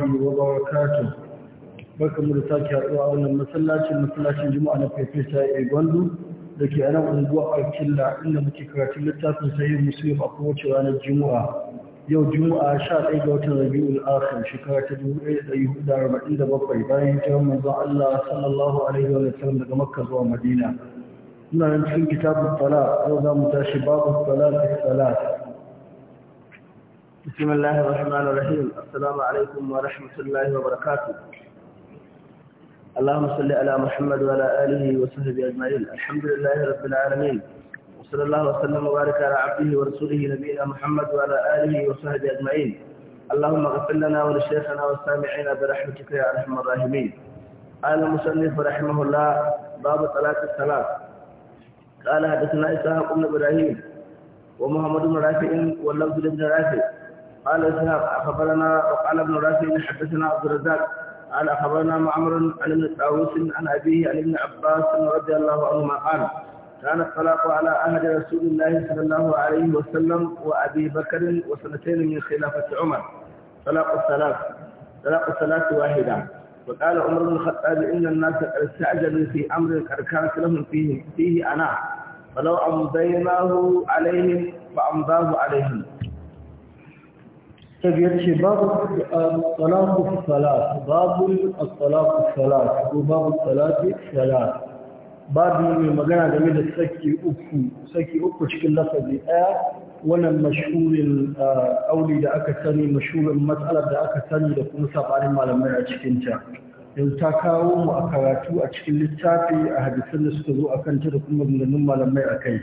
wabarakatuh barkan mu da haɗuwa a wannan masallacin masallacin juma'a na fefesa a da ke anan unguwa alkilla inda muke karatun littafin sahih muslim a kowace ranar juma'a yau juma'a sha ɗaya ga watan rabi'ul akhir shekara ta dubu ɗaya da ɗari hudu da arba'in da bakwai bayan hijirar manzon allah sallallahu alaihi wa sallam daga makka zuwa madina ina nan cikin kitabun salat yau za mu tashi babu da salat بسم الله الرحمن الرحيم السلام عليكم ورحمة الله وبركاته اللهم صل على محمد وعلى آله وصحبه أجمعين الحمد لله رب العالمين وصلى الله وسلم وبارك على عبده ورسوله نبينا محمد وعلى آله وصحبه أجمعين اللهم اغفر لنا ولشيخنا والسامعين برحمتك يا أرحم الراحمين قال المصنف رحمه الله باب صلاة الصلاة قال حدثنا إسحاق بن إبراهيم ومحمد بن رافع واللفظ بن رافع قال إسحاق أخبرنا وقال ابن راشد حدثنا عبد الرزاق قال أخبرنا معمر عن ابن طاووس عن أبيه عن ابن عباس رضي الله عنهما قال كان الطلاق على عهد رسول الله صلى الله عليه وسلم وأبي بكر وسنتين من خلافة عمر طلاق الثلاث طلاق الثلاث واحدة وقال عمر بن الخطاب إن الناس قد استعجلوا في أمر قد كانت لهم فيه فيه أنا فلو أمضيناه عليهم فأمضاه عليهم ta biyar ce babu talaku salat babu talaku salat ko babu salati salat babu mai magana game da saki uku cikin lafazi ɗaya wannan mashhurin auli da aka sani mashurin matsalar da aka sani da kuma sabanin malamai a cikin ta yanzu ta kawo mu a karatu a cikin littafi a hadisan da suka zo a kanta da kuma maganganun malamai a kai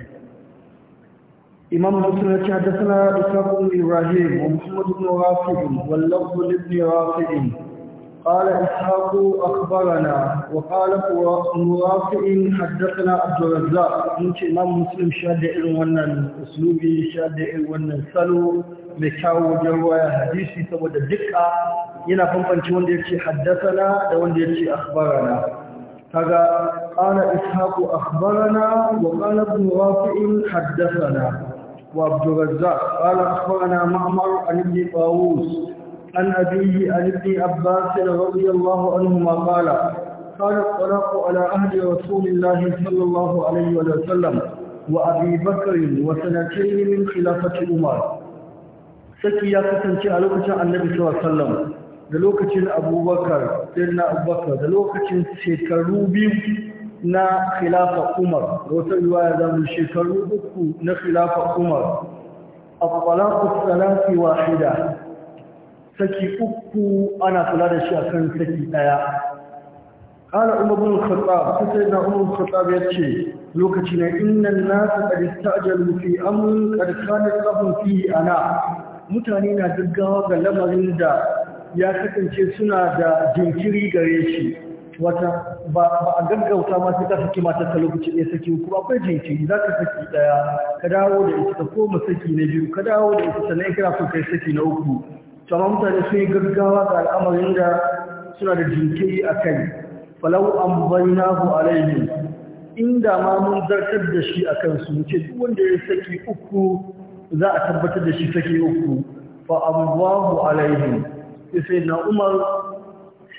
imam musulun ya ce haddasa isaƙun ibrahim wa muhammadun rafi'in wallafu libni rafi'in ƙala isaƙu akbarana wa ƙala kuwa rafi'in haddasa na abdurazza mun ce imam musulun shaɗe irin wannan usulubi shaɗe irin wannan salo mai kyawo wajen hadisi saboda duka yana fanfanci wanda ya ce haddasa na da wanda ya ce akbarana kaga ƙala isaƙu akbarana wa ƙala kuwa rafi'in haddasa na وعبد الرزاق قال أخبرنا معمر عن ابن طاووس عن أبيه عن ابن عباس رضي الله عنهما قال قال الطلاق على أهل رسول الله صلى الله عليه وسلم وأبي بكر وسنتين من خلافة عمر saki ya kasance a lokacin annabi sallallahu da lokacin abubakar sai na abubakar da lokacin shekaru biyu na khilafa umar wata ruwa ya zama shekaru uku na khilafa umar a kwallon kusurlansu wahida saki uku ana kula da shi a kan saki daya ƙala umarun kutsa su sai na umarun kutsa ya ce lokaci na inna na su ƙarista ajiyar mafi amin ƙarƙanin tsafin fiye ana mutane na gaggawa ga lamarin da ya kasance suna da jinkiri gare shi wata ba a gaggauta masu ta saki mata ta lokaci ɗaya saki uku akwai jinkiri za ka saki ɗaya ka dawo da ita ka koma saki na biyu ka dawo da ita sannan kira so kai saki na uku to amma mutane sun yi gaggawa ga al'amarin da suna da jinkiri a kai falau an bainahu alaihi inda ma mun zartar da shi a kansu mu ce duk wanda ya saki uku za a tabbatar da shi saki uku fa amwahu alaihim sai na umar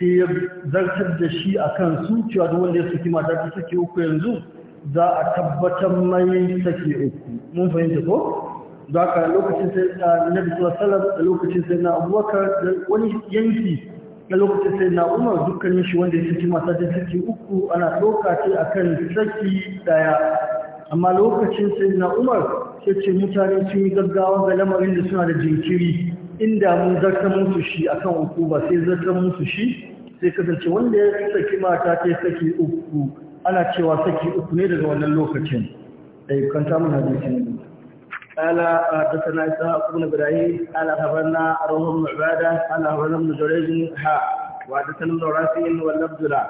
sai ya zartar da shi a kan su cewa wanda ya saki mata ta saki uku yanzu za a tabbatar mai saki uku mun fahimta ko za ka lokacin sai na nabi sallam da lokacin sai na abubakar da wani yanki na lokacin sai na umar dukkanin shi wanda ya saki mata ta saki uku ana ɗauka ce a kan saki ɗaya amma lokacin sai na umar sai ce mutane sun yi gaggawa ga lamarin da suna da jinkiri inda mun zartar musu shi akan uku ba sai zartar musu shi sai ka wanda ya saki mata ta saki uku ana cewa saki uku ne daga wannan lokacin ayyukan eh, samun hadisi ne ala da sana isa haku na birayi ala habarna a rahon ma'ibada ala habarna mu zaure zini ha wa da sana zaura su yin wa labdura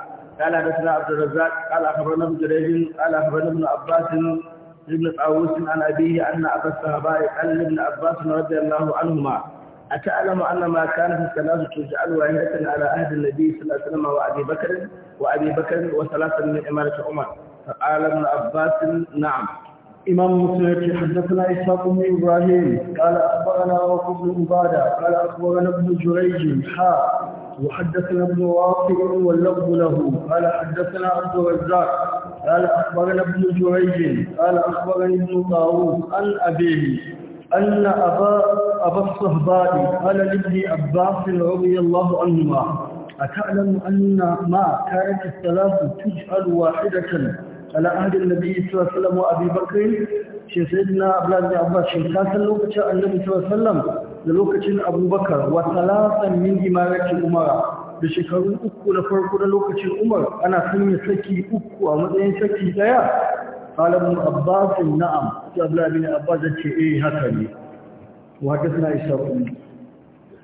ala da sana abu raza ala habarna mu zaure zini ala habarna mu abbasin ibn tsawusin na abasta ba أتعلم أن ما كان في الثلاثة تجعل وعندة على عهد النبي صلى الله عليه وسلم وأبي بكر وأبي بكر وثلاثة من إمارة عمر فقال ابن عباس نعم إمام مسلم حدثنا إسحاق بن إبراهيم قال أخبرنا وقف بن عبادة قال أخبرنا ابن جريج حاء وحدثنا ابن واقع واللفظ له قال حدثنا عبد الرزاق قال أخبرنا ابن جريج قال أخبرني ابن طاووس عن أبيه أن أبا, أبا الصهباني قال لابن عباس رضي الله عنهما أتعلم أن ما كانت الثلاث تجعل واحدة على عهد النبي صلى الله عليه وسلم وأبي بكر shi abdullahi abbas shin ka san lokacin annabi da lokacin abubakar wa talatan min imarati umara da shekaru uku na farko na lokacin umar ana sanya saki uku a matsayin saki ɗaya. قال ابن عباس نعم قبل ابن عباس ايه هكذا وحدثنا إسحاق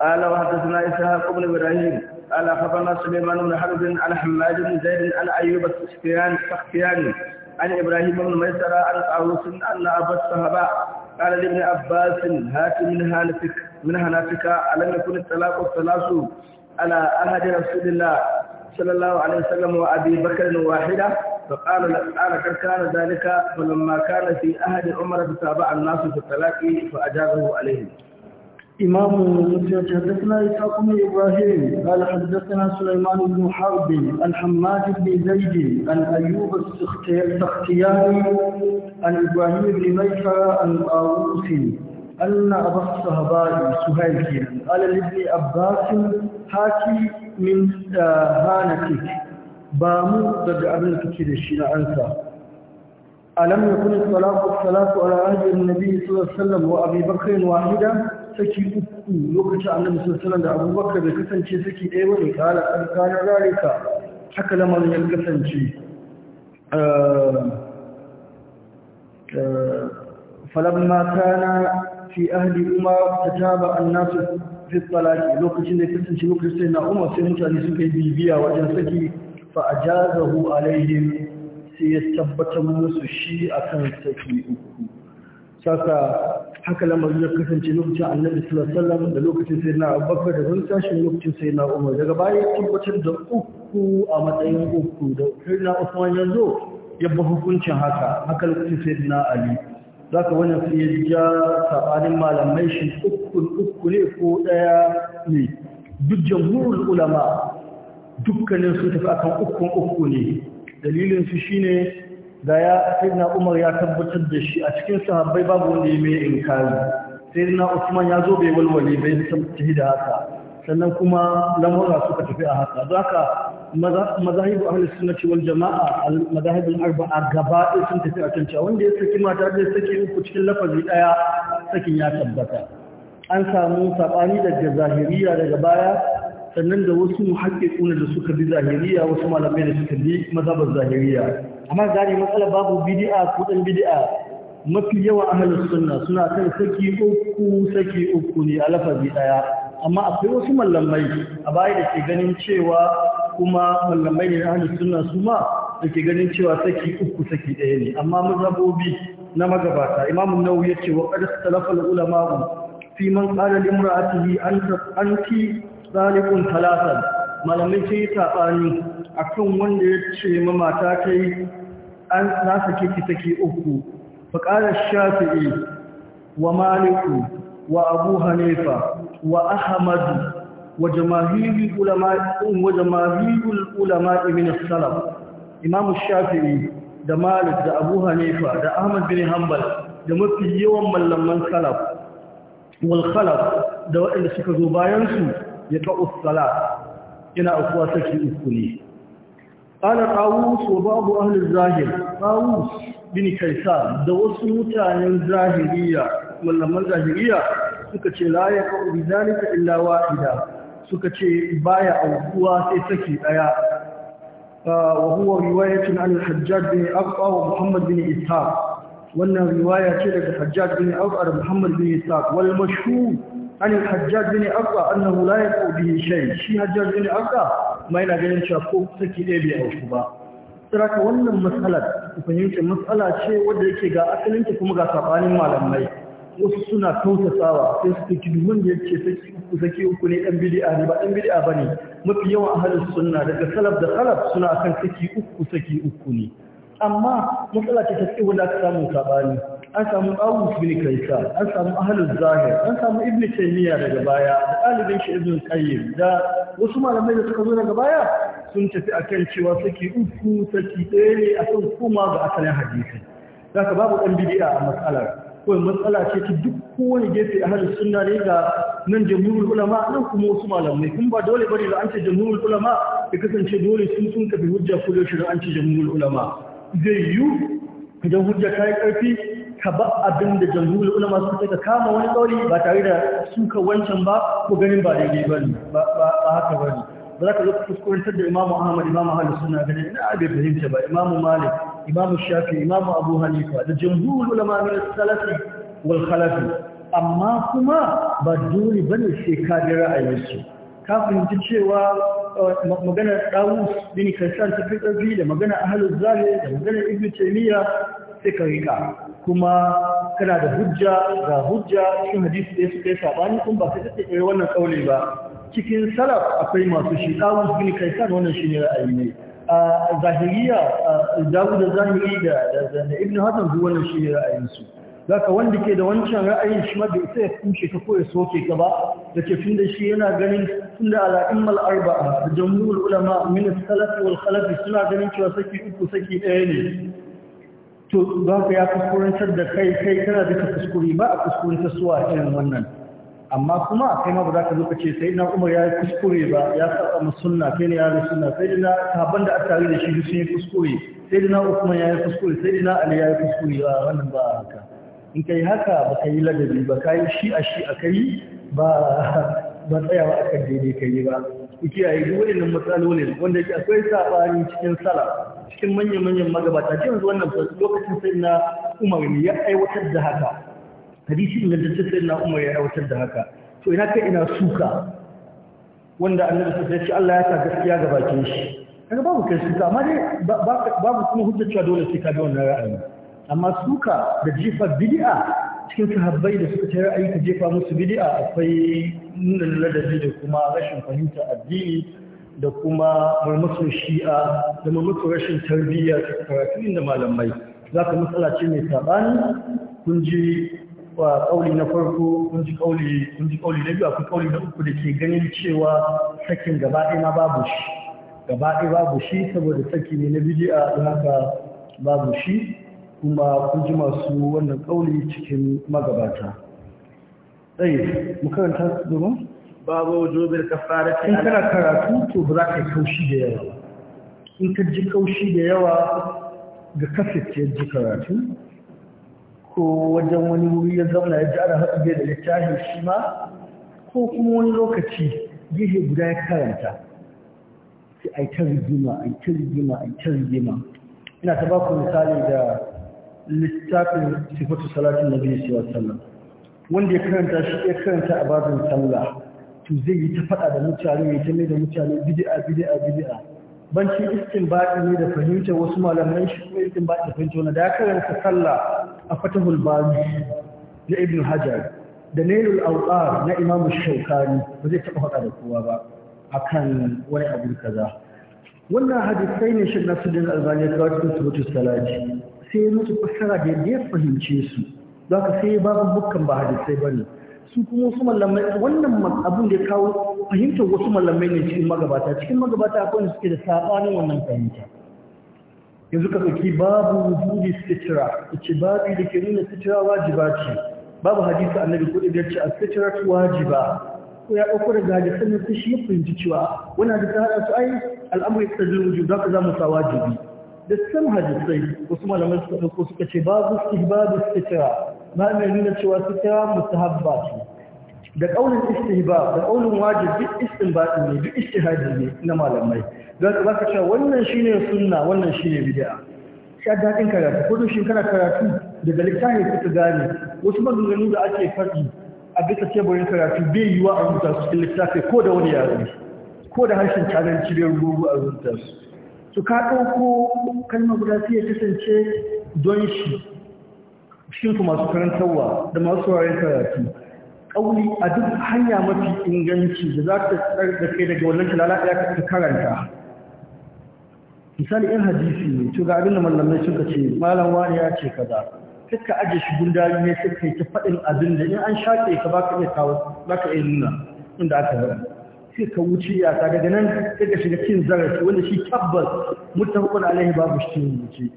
قال وحدثنا إسحاق بن إبراهيم قال أخبرنا سليمان بن حرب عن حماد بن زيد عن أيوب السختيان السختياني عن إبراهيم بن ميسرة عن طاووس أن أبا الصهباء قال لابن عباس هات من هانتك من هناتك ألم يكن الطلاق الثلاث على أحد رسول الله صلى الله عليه وسلم وأبي بكر واحدة فقال أنا قد كان ذلك فلما كان في أهل عمر تتابع الناس في الطلاق فأجابه عليهم إمام المسجد حدثنا إسحاق بن إبراهيم قال حدثنا سليمان بن حرب الحماد بن زيد عن أيوب السختياني عن إبراهيم بن ميسر عن أن أبا الصهباء سهيل قال لابن عباس هاتي من آه، هانتك ba mu daga abin kake da shi na ansa alam yakun salatu salatu ala ahli annabi sallallahu alaihi wasallam wa abi bakr wahida saki uku lokacin annabi sallallahu alaihi wasallam da abubakar da kasance saki ɗaya bane kala alkana zalika haka lamarin ya kasance فلما كان في أهل أمر تتابع الناس في الطلاق لوكشن da kasance lokacin sai na umar sai mutane suka yi bibiya wajen saki fa'ajazahu alaihim sai ya tabbatar musu shi a kan saki uku saka haka lamarin ya kasance lokacin annabi sallallahu alaihi da lokacin sai na abubakar da sun tashi lokacin sai na umar daga baya tabbatar da uku a matsayin uku da sai na usman yanzu ya ba hukuncin haka haka lokacin sai na ali zaka wannan sai ya ja sabanin malamai shi uku uku ne ko daya ne duk jamhurul ulama dukkanin su tafi akan ukun uku ne dalilin su shine da ya sayyidina Umar ya tabbatar da shi a cikin sahabbai babu wanda ya mai inkari sayyidina Usman ya zo bai walwale bai tabbaci da haka sannan kuma lamura suka tafi a haka don haka mazahibu ahlus sunnati wal jama'a al madahibul arba'a gaba sun tafi a kanta wanda ya saki mata zai saki uku cikin lafazi ɗaya sakin ya tabbata an samu sabani daga zahiriya daga baya sannan da wasu muhakkikuna da suka bi zahiriya wasu malamai da suka bi mazhabar zahiriya amma gane matsala babu bid'a ko dan bid'a mafi yawa ahlus sunna suna kan saki uku saki uku ne a lafazi daya amma akwai wasu mallamai a baya da ke ganin cewa kuma mallamai ne ahlus sunna su ma da ke ganin cewa saki uku saki daya ne amma mazhabobi na magabata imamu ya ce wa qad salafa ulama fi man qala limra'atihi anta anti tsalikun talatan malamai ce yi saɓani a kan wanda ya ce ma mata ta yi an nasa kiki take uku faƙarar shafi'i wa maliku wa abu hanifa wa ahmadu wa jamahirul ulama min salaf imamu shafi'i da malik da abu hanifa da ahmad bin hanbal da mafi yawan mallaman salaf wal khalaf da waɗanda suka zo bayansu ya ta'us salat ina akuwa saki uku ne qala qawus wa ba'd ahli zahir qawus bin kaisar da wasu mutanen zahiriya mallaman zahiriya suka ce la ya ka bi zalika illa wahida suka ce baya aukuwa sai ɗaya. daya wa huwa riwayatun an al-hajjaj bin aqwa wa muhammad bin ishaq wannan riwaya ce daga hajjaj bin aqwa da muhammad bin ishaq wal mashhur عن الحجاج بن أبقى أنه لا ya به shai shi حجاج بن أبقى Mai na ganin cewa ko saki ɗaya bai auku ba saboda wannan matsalar ku fahimci matsala ce wanda yake ga asalin kuma ga sabanin malamai wasu suna tausasawa sai su kiki dumin da yake saki uku saki uku ne ɗan bidi'a. ne ba dan ba bane mafi yawan ahlus sunna daga salaf da salaf suna kan saki uku saki uku ne amma matsala ce ta ce wanda aka samu sabani an samu awus bin kaisa an samu ahlul zahir an samu ibn taymiya daga baya da ɗalibin shi ibn qayyim da wasu malamai da suka zo daga baya sun tafi akan cewa saki uku saki ɗaya ne akan koma ga asalin hadisi zaka babu ɗan bid'a a matsalar kawai matsala ce ta duk kowane gefe a halin sunna ne ga nan jamhurul ulama nan kuma wasu malamai kun ba dole bane da an ce jamhurul ulama ya kasance dole sun sun kafi hujja shi da an ce jamhurul ulama zai yiwu idan hujja ta yi ƙarfi ka ba abin da jamhurin ulama suka sai ka kama wani tsauri ba tare da suka wancan ba ko ganin ba daidai ba ne ba haka ba ne ba za ka zo kuskurantar da imamu ahmad imamu ahalu suna ganin ina abin fahimta ba imamu malik imamu shafi imamu abu hanifa da jamhurin ulama min salafi wal khalafi amma kuma ba dole ne sai ka bi ra'ayinsu ka fahimci cewa eh, magana ɗawus bin karshen ta fi ƙarfi da magana ahalus zahir da magana ibn taymiya sai ka riƙa. kuma kana da hujja ga hujja cikin hadisi da suka yi sabani kun ba sai take koyi eh, wannan kauli ba cikin salaf akwai masu shi dawud kai kaisan wannan ne ra'ayi ne a zahiriya dawud da zahiri da da ibnu hasan duk wannan ne ra'ayin su ka wanda ke da wancan ra'ayin shi ma bai ya kushe ka ko ya soke ka ba tun da shi yana ganin tun da immal arba'a da jumhurul ulama min as wal khalaf suna ganin cewa saki uku saki ɗaya ne to don ka ya kuskurantar da kai kai kana duka kuskure ba a ta suwa irin wannan amma kuma kai ma ba za ka zo ka ce sai na umar ya kuskure ba ya saba mu sunna kai ne ya yi sunna sai dina sahabban da aka yi da shi sun yi kuskure sai dina usman ya yi kuskure sai dina ali ya yi kuskure ba wannan ba haka in kai haka ba ka yi ladabi ba ka yi shi a shi a kai ba ba tsayawa akan daidai kai ba ku kiyaye duk waɗannan matsalolin wanda akwai sabani cikin sala. cikin manyan-manyan magabata ce yanzu wannan lokacin sai na umar ne ya aiwatar da haka hadisi ingantacce sai na umar ya aiwatar da haka to ina kai ina suka wanda annabi sai ya ce Allah ya sa gaskiya ga bakin shi kaga babu kai suka amma dai babu kuma hujjar cewa dole sai ka bi wannan ra'ayi amma suka da jifa bid'a cikin sahabbai da suka tare ayyuka jefa musu bid'a akwai nuna ladabi da kuma rashin fahimtar addini da kuma marmasu shi'a da marmasu rashin tarbiyya ta karatu da malamai za ka matsala ce mai saɓani kun ji wa ƙauli na farko kun ji ƙauli na biyu akwai ƙauli na uku da ke ganin cewa sakin gaba ɗaya ma babu shi gaba ɗaya babu shi saboda saki ne na bidi'a don haka babu shi kuma kun ji masu wannan ƙauli cikin magabata. Tsaye, mu karanta su domin? babu wujubin kafara in kana karatu to ba za ka yi kaushi da yawa in ka ji kaushi da yawa ga kasance ji karatu ko wajen wani wuri ya zauna ya ji ana haɗu da littafi shi ma ko kuma wani lokaci gehe guda ya karanta sai a yi ta rigima a yi ta rigima a yi ta rigima ina ta ba ku misali da littafin sifatu salatin na biyu alaihi wasallam wanda ya karanta shi ya karanta a babin sallah to zai yi ta faɗa da mutane ya ta da mutane bidi'a Ban bid'a banci bai ne da fahimta wasu malamai shi kuma istinbadi da fahimta wanda da karanta salla a fatahul bari na ibn hajar da nailul awqar na imam shaukani ba zai taɓa faɗa da kowa ba akan wani abu kaza wannan hadisai ne shi nasudin albani ya kawo cikin subutu salati sai ya mutu fassara da yadda ya fahimce su don haka sai babu bukkan ba hadisai bane su kuma wasu mallamai wannan abin da ya kawo fahimtar wasu mallamai ne cikin magabata cikin magabata akwai wanda suke da sabanin wannan fahimta yanzu ka saki babu wujudi sitira ce babu da ke nuna sitira wajiba ce babu hadisi annabi ko da ce sitira wajiba ko ya dauko daga hadisan nan shi ya fahimci cewa wani da ta su ai al'amur ya tsaji wujud za ka zamu sa wajibi da san hadisai wasu malamai suka ɗauko suka ce babu sitira ma mai nuna cewa sutura mustahabba su da ƙaunin istihba da ƙaunin wajib duk istinbati ne duk istihadi ne na malamai don ka baka cewa wannan shine sunna wannan shine bid'a sha daɗin karatu ko shin kana karatu daga littafi ta gane wasu maganganu da ake faɗi a bisa teburin karatu bai yiwa a rubuta su cikin littafi ko da wani yare ko da harshen cananci bai rubu a rubuta su su ka ɗauko kalmar guda sai ya kasance don shi shi ku masu karantarwa da masu sauraren karatu kauli a duk hanya mafi inganci da za ta tsar da kai daga wannan talala ya ka karanta misali in hadisi ne to ga abin da mallamai suka ce malam wani ya ce kaza kaka aje shi gundari ne sai kai ta faɗin abin da in an shaƙe ka baka iya kawo baka iya nuna inda aka zama sai ka wuce iyaka daga nan sai ka shiga cin zarafi wanda shi tabbas mutafakun alaihi babu shi ce.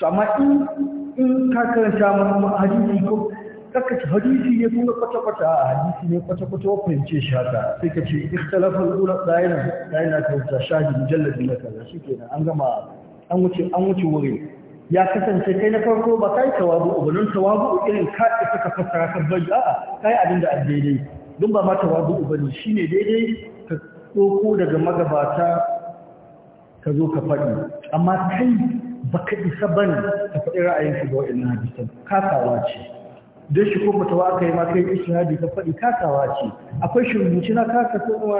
To amma in in ka karanta mana hadisi ko kaka ci hadisi ne kuma kwata-kwata a hadisi ne kwata-kwata wa fahimce shi haka sai ka ce ikhtilafal ula dayana dayana ta wuta shahidi mujallad na kaza shikenan an gama an wuce an wuce wuri ya kasance kai na farko ba kai tawabu nan tawabu irin ka da saka fasara ka bari a'a kai abin da addini daidai ba ma tawabu shi shine daidai ka doko daga magabata ka zo ka faɗi amma kai Ba baka bisa ne ta faɗi ra'ayin shi ga wa'annan hadisan kasawa ce don shi kuma ta aka yi ma kai ishtihadi ka faɗi kasawa ce akwai shi na kasa ko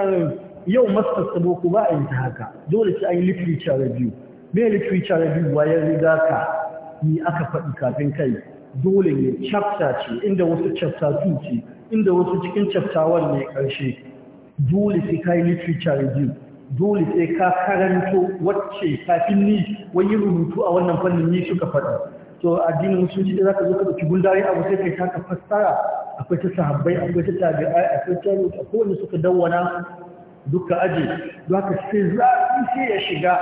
yau masar sabo ko ba a yi ta haka dole sai an yi literature review me literature review biyu riga ka ni aka faɗi kafin kai dole ne chapter ce inda wasu chapter 2 ce inda wasu cikin chapter 1 ne ƙarshe dole sai kai literature review dole sai ka karanto wacce kafin ni wani rubutu a wannan fannin ni suka faɗi to addinin musulunci da zaka zo ka dauki gundari abu sai kai ka fassara akwai ta sahabbai akwai ta tabi'ai akwai ta rubutu ko wani suka dawwana duka aji don haka sai zafi sai ya shiga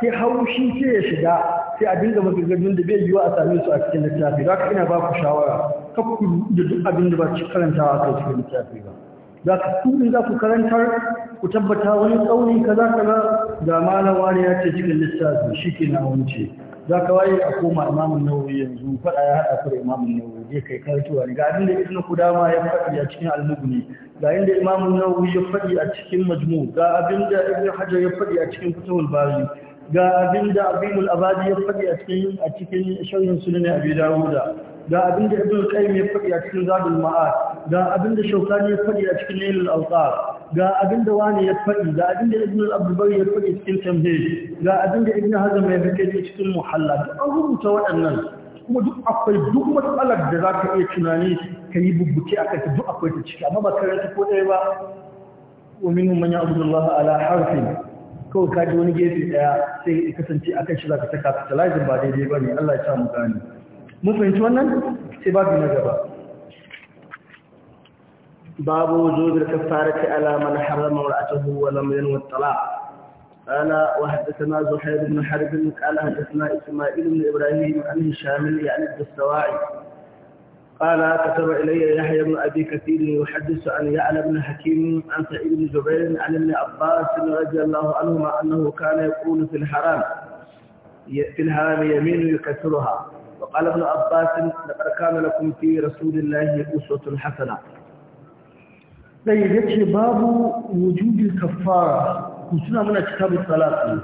sai haushi sai ya shiga sai a dinga magagajin da bai yiwa a same su a cikin littafi don haka ina ba ku shawara kakku da duk abin da ba ci karantawa a cikin littafi ba za ka tuɗi za ku karantar ku tabbata wani tsauni ka za ka ga malawa wani ya ce cikin lissafi shi ke na wance za ka waye a koma imamun nauyi yanzu faɗa ya haɗa kuma imamun nauyi zai kai karantuwa ga abin da ibnu kudama ya faɗi a cikin almugni ga inda imamun nauyi ya faɗi a cikin majmu ga abin da ibnu hajar ya faɗi a cikin fitahul bari ga abin da abimul abadi ya faɗi a cikin a cikin sharhin sunan abi dawuda ga abinda ibn qayyim ya faɗi a cikin zadul ma'ad ga abinda shaukani ya faɗi a cikin nailul awtar ga abinda wani ya faɗi ga abinda ibn al-abdul ya faɗi cikin tamhid ga abinda ibn hazm ya faɗi cikin muhalla duk an rubuta waɗannan kuma duk akwai duk matsalar da za ka iya tunani ka yi bubbuke a kanta duk akwai ta ciki amma ba ka karanta ko ɗaya ba wa minhum man ya'budu Allah ala harfin kawai kaji wani gefe ɗaya? sai ka kasance akan shi ka ta capitalizing ba daidai ba ne Allah ya sa mu gani mun fahimci wannan sai babu باب وجود الكفارة على من حرم امرأته ولم ينوي الطلاق قال وحدثنا زهير بن حرب قال حدثنا إسماعيل بن إبراهيم عن هشام يعني الدستواعي قال كتب إلي يحيى بن أبي كثير يحدث عن يعلى بن حكيم عن سعيد بن جبير عن ابن عباس رضي الله عنهما أنه كان يقول في الحرام في الحرام يمين يكسرها وقال ابن عباس لقد كان لكم في رسول الله أسوة حسنة sai ya ce babu wujubin kafara ku suna muna kitabun salatu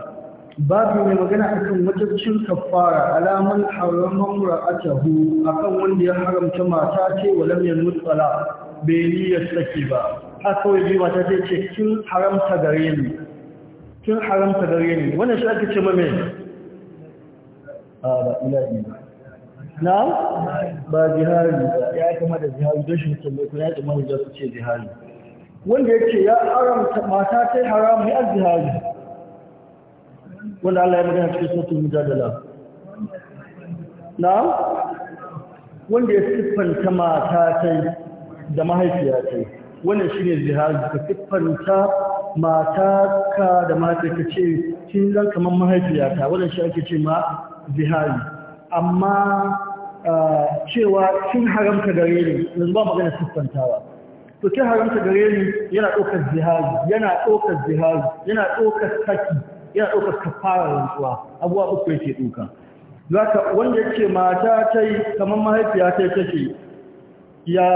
babu mai magana akan wajibcin kafara alaman haraman ra'atahu akan wanda ya haramta mata ce walam yanmut sala bai niyyar saki ba har kawai bi mata ce ce kin haramta gare ni wannan shi ce a na ba jihari ba ya kama da jihari don shi mutum mai kuna ya kama da su ce jihari wanda ya ce ya haramta mata ta yi haramu ya jihari wanda Allah ya magana cikin sautin mujadala na wanda ya siffanta mata ta yi da mahaifiya ta yi wannan shi ne jihari ka siffanta mata ka da mata ka ce kin zan kamar mahaifiya ta wannan shi ake ce ma jihari amma eh, cewa cin haramta gare ni yanzu ba magana siffantawa to kin haramta gare ni yana ɗaukar zihari yana ɗaukar zihari yana ɗaukar saki yana ɗaukar kafara rantsuwa abubuwa uku yake ɗauka zaka wanda yake mata ta yi kamar mahaifiya ta take ya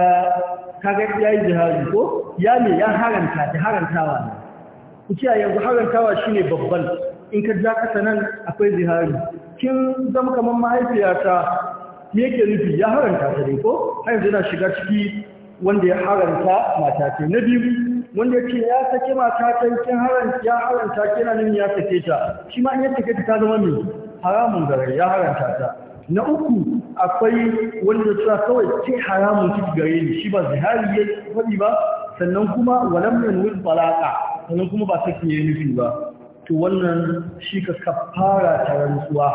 kaga ya yi zihari ko ya ne ya haranta ta harantawa ne ku ce yanzu harantawa shine babban in ka ja kasa nan akwai zihari kin zama kamar mahaifiyata yake nufi ya haranta ta dai ko har yanzu yana shiga ciki wanda ya haranta mata ce na biyu wanda ya ce ya sake mata ta kin ya haranta ke na ya sake ta shi ma in sake ta ta zama mai haramun gare ya haranta ta na uku akwai wanda ta kawai ce haramun kiki gare ni shi ba zihari ya faɗi ba sannan kuma walam yanwil balaka sannan kuma ba sake ya nufi ba to wannan shi ka kafara ta rantsuwa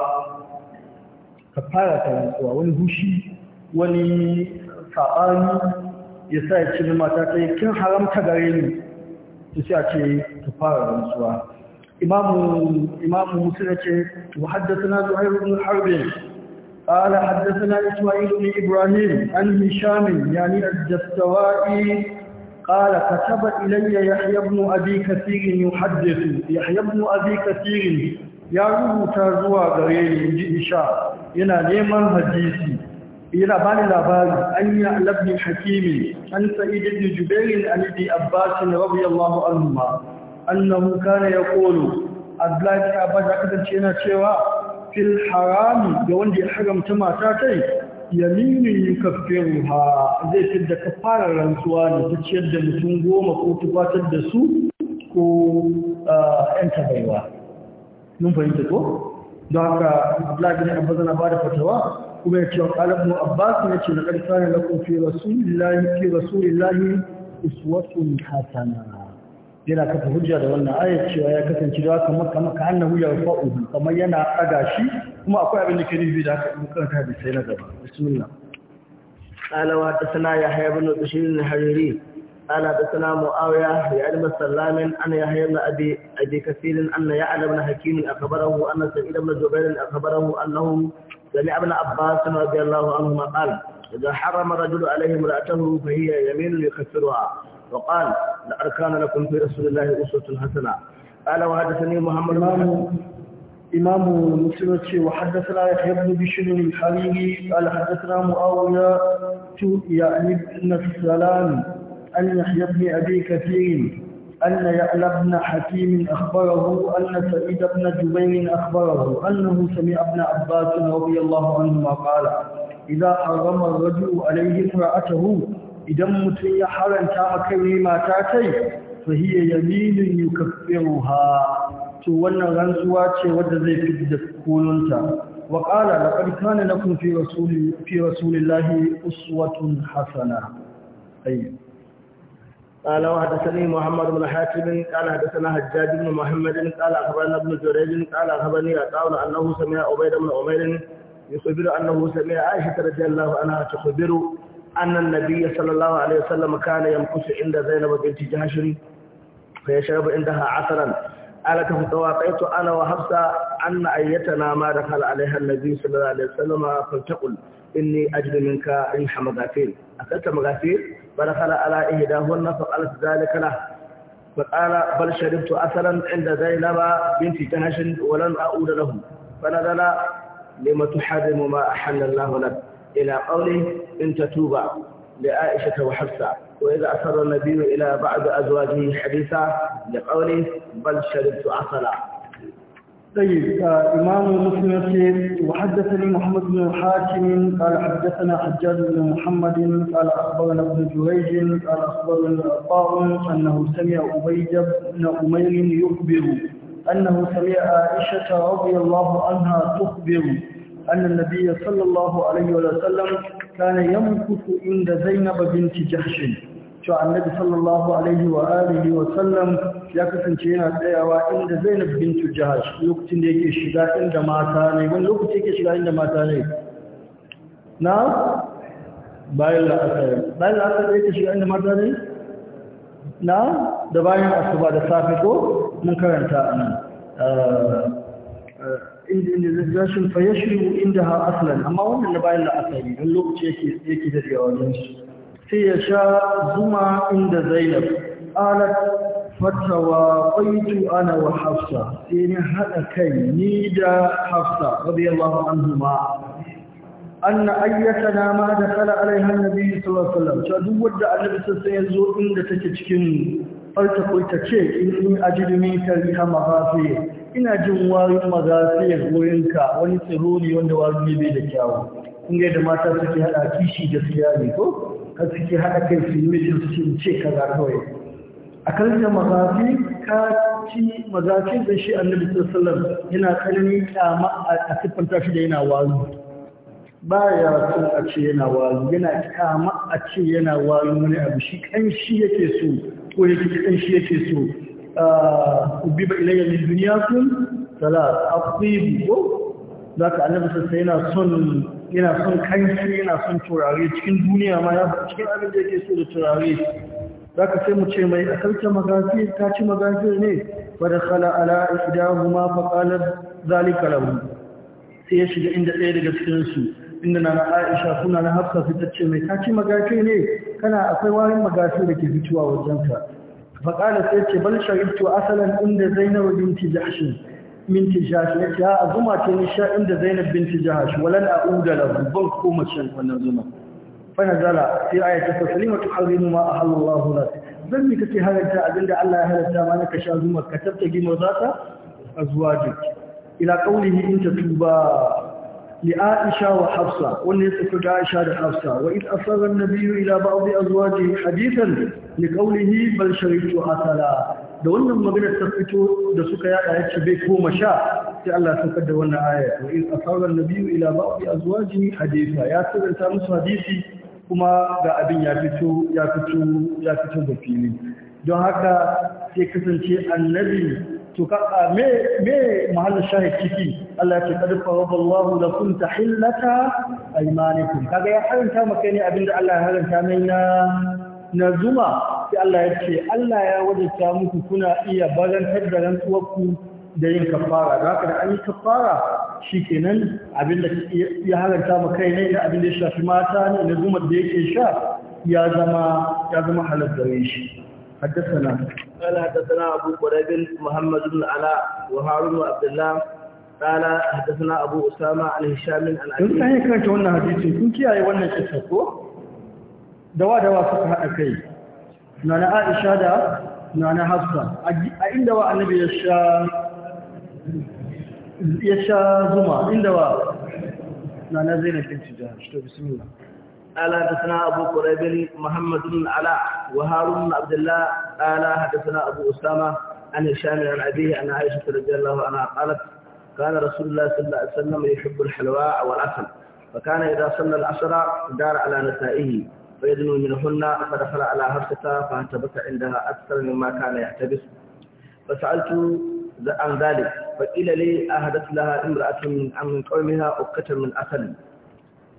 kafara ta rantsuwa wani hushi wani saɓani ya sa ya ce mata ta yi kin haramta gare ni to sai a ce kafara rantsuwa imamu imamu musu ya ce wa haddathana zuhairu bin harbin قال حدثنا إسماعيل بن إبراهيم عن هشام يعني الدستوائي Ƙara ka taba ilan بن أبي كثير يحدث يحيى بن أبي كثير ya rubuta zuwa gare ni inji isha yana neman hadisi yana bani labari an yi alabni hakimi an sa'id ibn jubairin an ibn abbas radiyallahu anhu annahu kana yaqulu abdullahi abbas ya kasance yana cewa fil harami ga wanda ya haramta mata kai yaminin yukaffiruha zai fi da kafarar rantsuwa ne ta ciyar da mutum goma ko tubatar da su ko ‘yan tabaiwa. Mun fahimta ko? Don haka Abdullahi bin Abbas na ba da fatawa kuma ya cewa wa ƙalab mu Abbas ne ce na ƙarfa ne lakon fi Rasulillahi fi Rasulillahi uswatun hasana. Yana kafa hujja da wannan ayat cewa ya kasance da haka maka maka annahu yarfa'u kamar yana ɗaga shi kuma akwai abin da ke nufi da aka yi kanta da sai na gaba bismillah qalawa da sana ya hayyabu na bishirin hariri qala da sana muawiya ya alma sallamin an ya hayyana abi abi kasirin an ya alama hakim akbarahu an sa'id ibn zubair akbarahu annahum abbas radiyallahu anhu qal اذا حرم رجل عليه امراته فهي يمين يخسرها وقال لا اركان لكم في رسول الله إمام مسلم وحدثنا يحيى بن بشر الحريري قال حدثنا معاوية يعني بن السلام أن يحيى بن أبي كثير أن يعلى بن حكيم أخبره أن سعيد بن جبير أخبره أنه سمع ابن عباس رضي الله عنهما قال إذا حرم الرجل عليه امرأته إذا متي حرم تاكي ما تاتي فهي يمين يكفرها to wannan rantsuwa ce wadda zai fi da kununta wa qala laqad kana lakum fi rasuli fi rasulillahi uswatun hasana ayy قال وحدثني محمد بن حاتم قال حدثنا حجاج بن محمد قال اخبرنا ابن جريج قال اخبرني عطاء انه سمع عبيد بن عمير يخبر انه سمع عائشه رضي الله عنها تخبر ان النبي صلى الله عليه وسلم كان يمكث عند زينب بنت جهش فيشرب عندها عسلا alaka fi tsawaƙaitu ana wa hafsa an ayyata na da kala alaihar nabi sallallahu alaihi wasallam a fartakul in ni ajiyar ka in ha magafin a kanta magafin ba da kala ala ihe da huwan nasa alas zalikala ba kala asalan inda zai lama binti ta hashin walan a ɗuda lahu ba na zala lima ma a ila ƙauni in ta tuba لعائشة وحفصة وإذا أسر النبي إلى بعض أزواجه حديثا لقوله بل شربت عسلا طيب آه إمام مسلم وحدثني محمد بن حاتم قال حدثنا حجاج بن محمد قال أخبرنا ابن جريج قال أخبرنا عطاء أنه سمع أبي بن أمير يخبر أنه سمع عائشة رضي الله عنها تخبر أن النبي صلى الله عليه وسلم كان يمكث عند زينب بنت جحش cewa annabi sallallahu alaihi wa alihi sallam ya kasance yana tsayawa inda Zainab bintu Jahash lokacin da yake shiga inda mata ne wani lokaci yake shiga inda mata ne na bayan la'asar bayan la'asar yake shiga inda mata ne na da bayan asuba da safe ko mun karanta anan za shiru inda ha aslan amma wannan na bayan la'asari don lokaci yake yake da wajen shi sai ya sha zuma inda zainab alat fatawa kwaitu ana wa hafsa sai ni haɗa kai ni da hafsa radiyallahu An ma أن أيتنا ما دخل عليها النبي صلى الله عليه وسلم فدو ودى النبي صلى الله إن تتكين farta ta ce in ajirmi ta riha ina jin warin magafi ka wani tsiro wanda wari ne bai da kyawu in ga da mata suke hada kishi da siyari ko ka suke hada kai su yi mijin su ce kaza kawai a kalmar mazafi ka ci mazafin da shi annabi sallallahu yana tsananin kyama a siffanta shi da yana waru. ba ya so a ce yana waru, yana kyama a ce yana waru wani abu shi kanshi yake so ko ya ji ɗan shi yake so ah, ubiba ilayya duniya sun? salat akwai ko Za ka annabi sassa yana son yana son kanshi yana son turare cikin duniya ma ya cikin abin da yake so da turare Za ka sai mu ce mai akalta magazi ta ci magazi ne fa dakhala ala ihdahuma fa qala zalika sai ya shiga inda ɗaya daga cikinsu. inda na na aisha kuna na hafsa su ta ce mai kaci magafi ne kana akwai warin magafi da ke fitowa wajenka faƙala sai ce bal sharibtu asalan inda zainabu binti jahshin binti jahshin ya ce a zuma ce ni sha inda zainab binti jahsh walan a'uda lahu ban koma shan wannan zuma fa nazala sai aya ta taslima tuharimu ma ahallallahu lak zan mi kake haranta abinda Allah ya halatta mana ka sha zuma ka tabta gimar zata azwajik ila qawlihi in tatuba لعائشة وحفصة وليسكت عائشة وحفصة وإذ أصر النبي إلى بعض أزواجه حديثا لقوله بل شربت أثلا da wannan maganar ta fito da suka yaɗa ya ce bai koma sha sai Allah ya saukar da wannan aya wa in asara nabiyyu ila ba'di azwajihi haditha ya sirranta musu hadisi kuma ga abin ya fito ya da fili don haka sai kasance annabi to ka me me mahallin ciki Allah ya ce qad faradallahu lakum tahillata aymanikum kaga ya haranta maka ne abinda Allah ya haranta mai na na zuma sai Allah ya ce Allah ya wajabta muku kuna iya barantar da rantsuwarku da yin kafara da ka da an yi kafara kenan abinda ya haranta maka ne da abinda ya shafi mata ne na zuma da yake sha ya zama halar gare shi حدثنا قال حدثنا ابو قريب محمد بن علاء وهارون بن عبد الله قال حدثنا ابو اسامه عن هشام عن ابي انت هيك كانت wannan kisa ko dawa dawa suka hada kai nana aisha da nana hafsa a inda wa annabi yasha yasha zuma inda wa nana zainab bint jahsh to bismillah قال حدثنا أبو قريب محمد بن علاء وهارون بن عبد الله قال حدثنا أبو أسامة عن هشام عن أبيه عن عائشة رضي الله عنها قالت كان رسول الله صلى الله عليه وسلم يحب الحلواء والعسل فكان إذا صلى العصر دار على نسائه فيدن منهن فدخل على هرسة فاهتبت عندها أكثر مما كان يحتبس فسألت عن ذلك فقيل لي أهدت لها امرأة من قومها أكة من أسل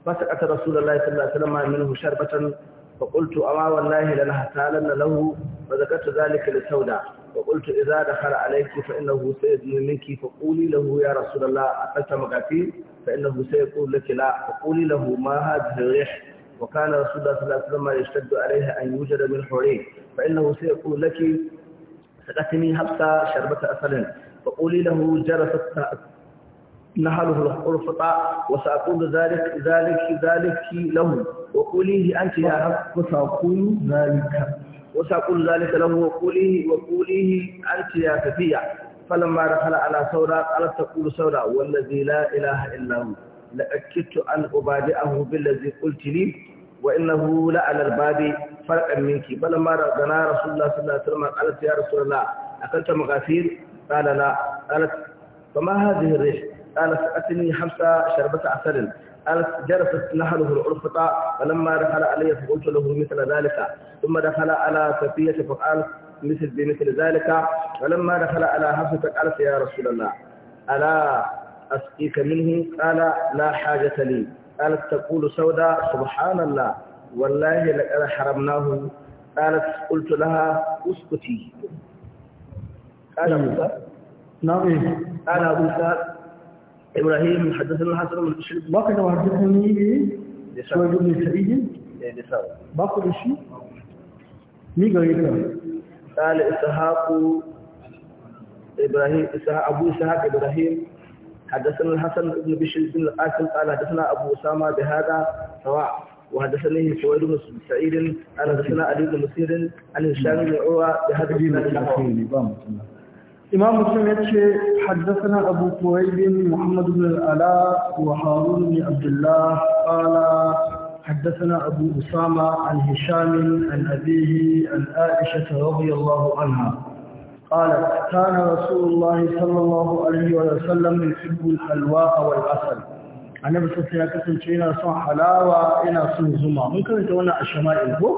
فسكت رسول الله صلى الله عليه وسلم منه شربة فقلت أما والله لنهتالن له فذكرت ذلك لسوداء وقلت إذا دخل عليك فإنه سيدني منك فقولي له يا رسول الله أكلت مغاتي فإنه سيقول لك لا فقولي له ما هذه الريح وكان رسول الله صلى الله عليه وسلم يشتد عليها أن يوجد من حوريه فإنه سيقول لك سقتني هبسة شربة أسل فقولي له جرست na halin rufuta wa saƙon da zaliki zaliki lahu wa ƙulihi an ce ya haka saƙon zalika wa saƙon zalika lahu wa ƙulihi wa ƙulihi an ce ya tafiya falon ma da hala ala saura ƙalata ƙulu saura wanda zai la'ila ha'illahu da ƙakkitu an ubadi a hubin da zai ƙultili wa ina hula alalbabi farƙar minki falon ma da gana rasulullah sallallahu alaihi wasallam ƙalata ya rasulullah a kanta magafir ƙalala ƙalata kuma hajjin rashin قال سأتني حمسة شربة عسل قال جرست نحله العرفة فلما دخل علي فقلت له مثل ذلك ثم دخل على صفية فقال مثل بمثل ذلك فلما دخل على حفصة قالت يا رسول الله ألا أسقيك منه قال لا حاجة لي قالت تقول سودا سبحان الله والله لقد حرمناه قالت قلت لها اسكتي قال موسى نعم قال موسى إبراهيم حدثنا الحسن بن بشير باقي لو حدثني إيه شوية بن سعيد إيه، باقي بشير مين قال قال إسحاق إبراهيم إسحاق أبو إسحاق إبراهيم حدثنا الحسن بن بشير بن القاسم قال حدثنا أبو أسامة بهذا سواء وحدثني سويد بن سعيد قال حدثنا علي بن مسير عن هشام بن عروة بهذا الإسناد إمام مسلم يتشي حدثنا أبو كويب محمد بن الألاء وهارون بن عبد الله قال حدثنا أبو أسامة عن هشام عن أبيه عن عائشة رضي الله عنها قالت كان رسول الله صلى الله عليه وسلم يحب الحلواء والعسل annabi sassan ya kasance yana son halawa yana son zuma mun karanta wannan a shama'il ko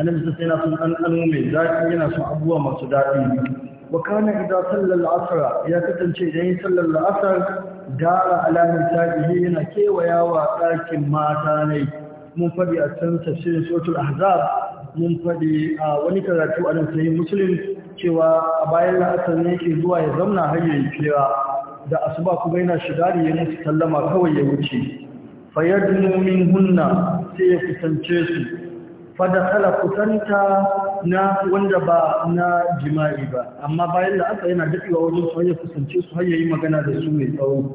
annabi sassan yana son ɗanɗano mai zaƙi yana son abubuwa masu daɗi wakana idan sallar asara ya katance idan yi sallar asar dara alamun tarihi yana kewayawa wa ɗakin mata ne mun faɗi a can tafsirin sotul ahzab mun faɗi a wani karatu a nan sayin a bayan la'asar ne yake zuwa ya zamna hanyar kira da asuba kuma yana shiga da yin sallama kawai ya wuce fayar hunna sai ya kusance su fadakala kusanta na wanda ba na jima'i ba amma bayan da aka yana daɗewa wajen su hanyar kusance su hanyar yi magana da su mai tsawo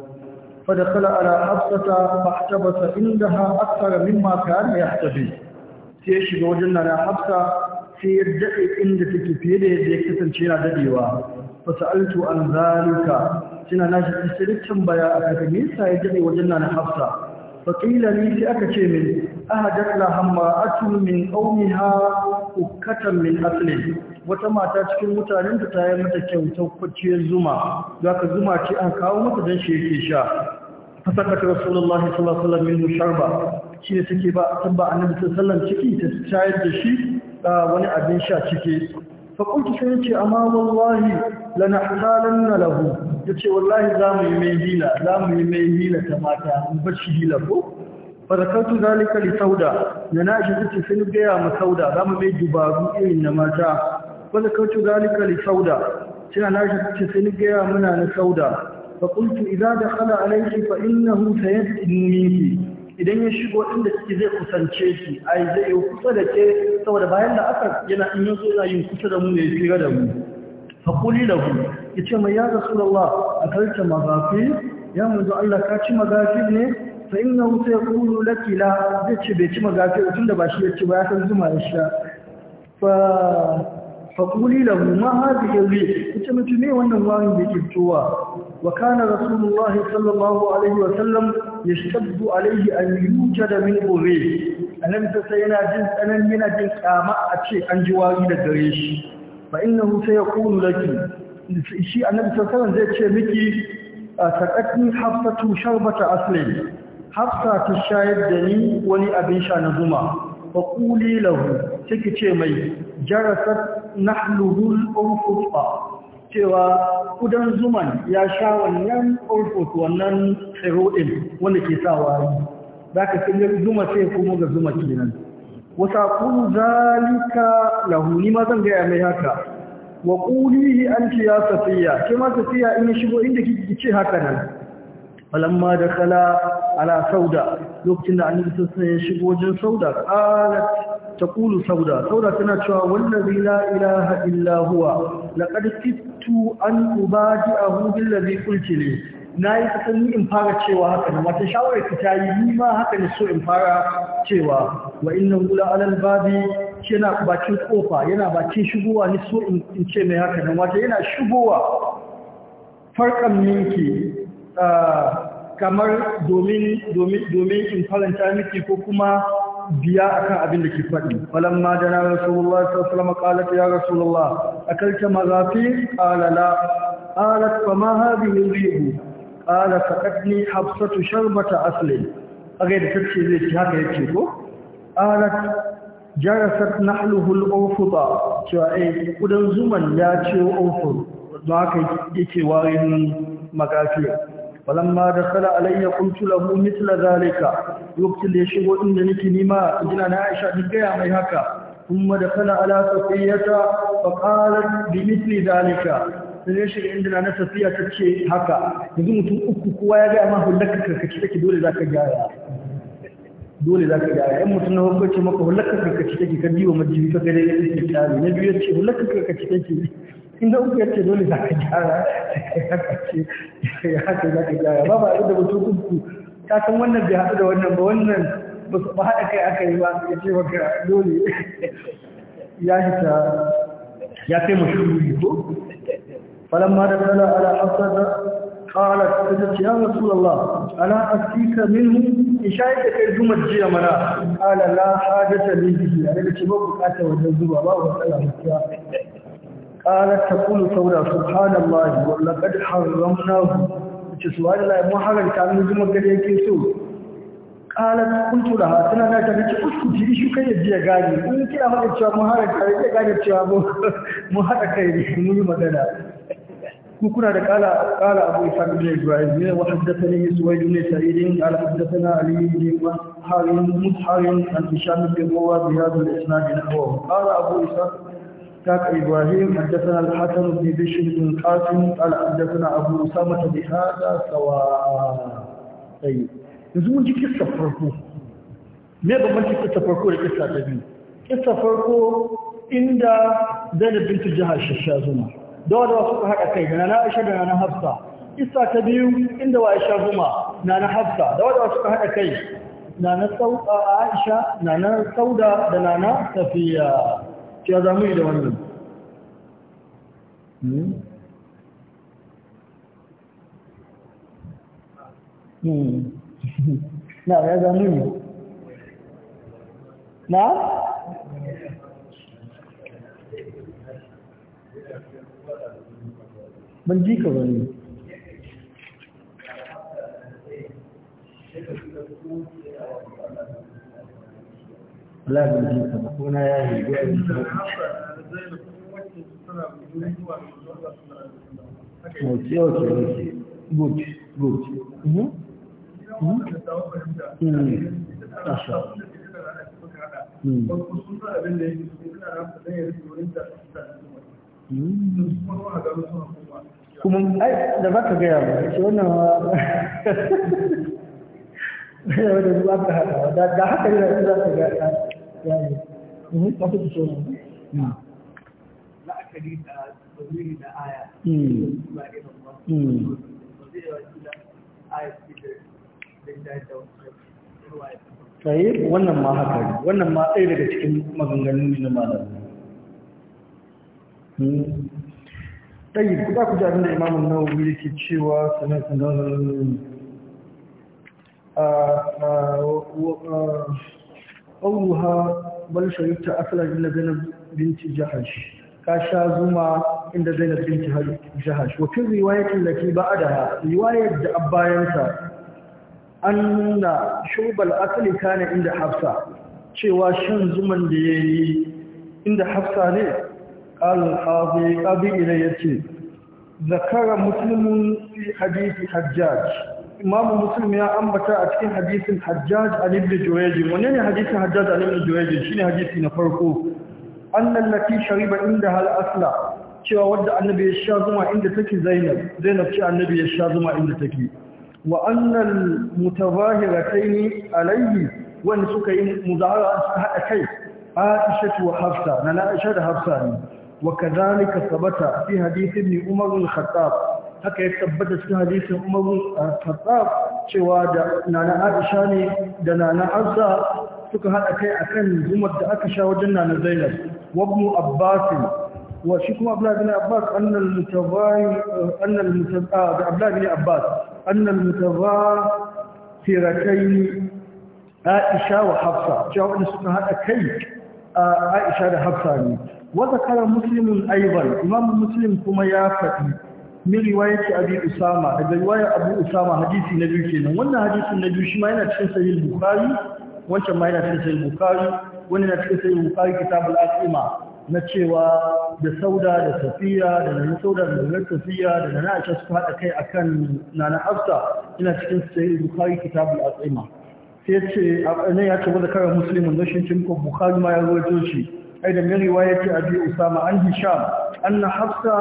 fadakala ala hafsata tabbata inda ha aksara mimma kana ya hatabi sai ya shiga wajen na hafsa sai ya daɗe inda take fiye da yadda ya kasance yana daɗewa fasa'altu an zalika suna na shi sirrin baya a ya daɗe wajen na hafsa fakila ni sai aka ce min ahadat lahamma'atun min qaumiha ukatan min asli wata mata cikin mutanen da ta yi mata kyautar kwaciyar zuma zaka zuma ce an kawo mata dan shi yake sha fasakat rasulullahi sallallahu alaihi wasallam min sharba shi ne take ba tabba annabi sallallahu alaihi ciki ta da shi wani abin sha ciki faƙunci sai ce amma wallahi lana lahu ya ce wallahi za mu yi mai hila za yi mai hila ta mata bar shi hila ko fazakartu zalika li sauda na na shi zuci sun gaya ma sauda za mu mai dubaru irin na mata fazakartu zalika li sauda tana na shi sun gaya muna na sauda faƙultu idan da kala alaiki fa innahu sayaddiniki idan ya shigo inda kike zai kusance ki ai zai yi kusa da ke saboda bayan da aka yana in yanzu yana yin kusa da mu ne fira da mu faƙuli da ku ya ce mai ya rasu da magafi ya manzo Allah ka ci magafi ne fa innahu sayaqulu laki la zai ce bai ci magafi tunda ba shi ya ci ba ya san zuma ya sha fa fa quli ma hadhihi ri ita mutum ne wannan warin da yake fitowa wa kana rasulullah sallallahu alaihi wa sallam yashtaddu alaihi an yujada min uri anan ta sai yana jin tsanan yana jin kama a ce an ji wari da gare shi fa innahu sayaqulu laki shi annabi sallallahu alaihi zai ce miki sakatni hafsatu sharbata aslin hafsa ta shayar da ni wani abin sha na zuma fa kuli lahu take ce mai jarasat nahluhul urfuta cewa kudan zuman ya sha wannan urfut wannan din, wanda ke sa wani zaka kinga zuma sai kuma ga zuma kenan wasa kun zalika lahu ni ma zan ga mai haka wa qulihi anti ya safiya kima safiya in shigo inda kike ce haka nan falamma da kala ala sauda lokacin da annabi sassan ya shigo wajen sauda ƙalat ta Kulu sauda sauda tana cewa wallazi la ilaha illa huwa laqad fittu an ubadi'ahu billazi qulti li nayi kasan in fara cewa haka ne wata shawara ki ta yi ni ma haka ne so in fara cewa wa innahu la alal babi yana bakin kofa yana bakin shigowa ni so in ce mai haka ne wata yana shigowa farkan minki kamar domin in faranta miki ko kuma biya akan abin da ke faɗi ma da na rasulullah sallallahu alaihi ya rasulullah akalta mazafi qala la qalat fa ma hadhihi rihu qala saqatni habsatu sharbata asli agai da tace zai ci haka yake ko qalat jarasat nahluhu al-awfuda cewa eh kudan zuman ya ce awfur don haka yake warin magafiya falamma da sala alayya kuntu lahu mithla zalika lokacin da ya shigo inda niki nima jina na Aisha duk gaya mai haka kuma da sala ala safiyata fa qalat bi mithli zalika sai ya shiga inda na safiya tace haka yanzu mutum uku kowa ya ga ma hullaka karkace take dole zaka gyara dole zaka gyara in mutum na hukunci maka hullaka karkace take ka diwa majibi ka gare ne take tsari na biyu ya ce hullaka karkace take inda uku yace dole za ka gyara sai ya ce ya ka gyara ba ba inda mutum uku ka san wannan bai haɗu da wannan ba wannan ba su haɗa kai aka yi ba ya ce maka dole ya fita ya kai mutum shuri ko falan ma da kala ala hafsar da kala ta tafi ya rasu Allah ana asika min in sha yake kai zuma jiya mana kala la hajata min jiya ne ce ba bukatar wajen zuba ba wa matsala mutuwa قالت تقول سودا سبحان الله ولقد حرمناه تسوال الله ما حرمت من جمع gare yake قالت قلت لها تنا na ta ce kuskure shi kai yaji ya gane in kira maka cewa mu haramta yake gane cewa mu haɗa kai ne mu كنا قال قال أبو إسحاق بن إبراهيم إيه، وحدثني سويد بن سعيد قال حدثنا علي بن حارم مسحر عن هشام بن بهذا الإسناد نحوه قال أبو إسحاق إسحاق إبراهيم حدثنا الحسن بن بشر بن قاسم قال حدثنا أبو أسامة بهذا سواء طيب yanzu mun ji kissa farko me bambanci kissa farko da kissa ta biyu farko inda Zainab bint Jahash shazuma dawa dawa suka haɗa kai da Nana Aisha da Nana Hafsa kissa ta biyu inda wa Aisha zuma Nana Hafsa dawa dawa suka haɗa kai Sauda Aisha Nana da ki adamıydı onun. Hmm. Hmm. Nah, ne adamı Nah? Ne? Benziyor onun. la ban ji ka ba ko ya yi ga yi ok ok ok good good mhm mhm mm-hmm. mm. Mm. kuma ai da baka gaya ba shi wannan da da haka yana za ka يعني من تاخذ شغل نعم wannan ma haka ne wannan ma ɗaya daga cikin maganganu ne na malamai hmm. ɗaya kuɗa ku jarin da imamun nawawi yake cewa sanar sanar ƙaunuha bal shari'ta asalar da zainab binti jahash ka sha zuma inda zainab binti jahash wafin riwayatin da ke ba'ada riwayar da abbayanta an nuna shubal asali kane inda hafsa cewa shan zuman da ya yi inda hafsa ne ƙalin ƙabi ƙabi ila ya ce zakara musulmin fi hadisi hajjaj imamu muslim ya ambata a cikin hadisin hajjaj alib da juwaji wanne ne hadisin hajjaj alib da Shi shine hadisi na farko annan lati shariba inda hal asla cewa wadda annabi ya sha zuma inda take zainab zainab ce annabi ya sha zuma inda take wa annal mutazahirataini alayhi Wani suka yi muzahara a hada kai aisha wa hafsa na aisha da hafsa ne وكذلك fi في ni Umar عمر الخطاب haka ya tabbata cikin hadisin Umar a khattab cewa da nana Aisha ne da nana Hafsa suka haɗa kai akan zumar da aka sha wajen nana Zainab wa Ibn wa shi kuma Abdullahi bin Abbas annal mutabayi annal mutabayi ah, Abdullah bin Abbas annal mutabayi siratayn Aisha wa Hafsa cewa suka haɗa kai Aisha da Hafsa ne wa zakara muslimun aidan Imam Muslim kuma ya faɗi min riwayati abi usama daga riwayar abu usama hadisi na biyu kenan wannan hadisin na biyu shi ma yana cikin sahih bukhari wancan ma yana cikin sahih bukhari wani na cikin sahih bukhari kitabul aqima na cewa da sauda da safiya da na sauda da na safiya da na aisha suka haɗa kai akan nana hafsa ina cikin sahih bukhari kitabul aqima sai ce ne ya ce wanda kare muslimin rashin cin ko bukhari ma ya rawaito shi ai da min riwayati abi usama an hisham anna hafsa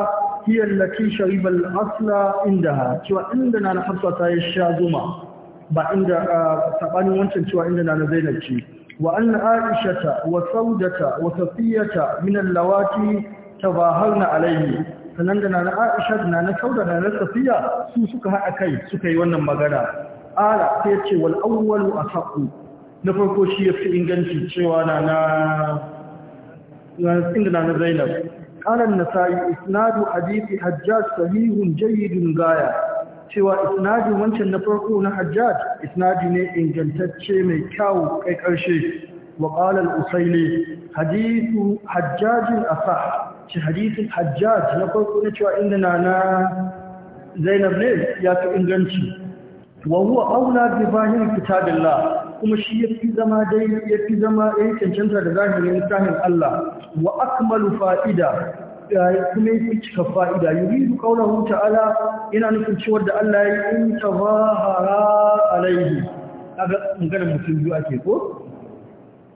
هي التي شرب الأصل عندها cewa inda na hafsa ta sha zuma ba inda sabanin wancan cewa inda na zainab ce wa anna aishata wa saudata wa safiyata min allawati tabaharna alayhi sanan da na aisha da na sauda da na safiya su suka haɗa kai suka yi wannan magana ala sai ce wal awwalu asaqu na farko shi yafi inganci cewa inda na zainab قال النسائي إسناد حديث حجاج صحيح جيد غاية cewa isnadi wancan na farko na Hajjaj isnadi ne ingantacce mai kyau kai karshe wa qala al-Usayli hadithu Hajjaj asah shi hadithin Hajjaj na farko ne cewa inda na Zainab ne ya fi inganci wa auna aula bi zahir kitabillah kuma shi yafi zama dai yafi zama yayin cancanta da zahirin littafin Allah wa akmalu fa'ida kuma yafi cika fa'ida yuridu qawluhu ta'ala ina nufin cewa da Allah ya in tazahara alaihi kaga maganar mutum biyu ake ko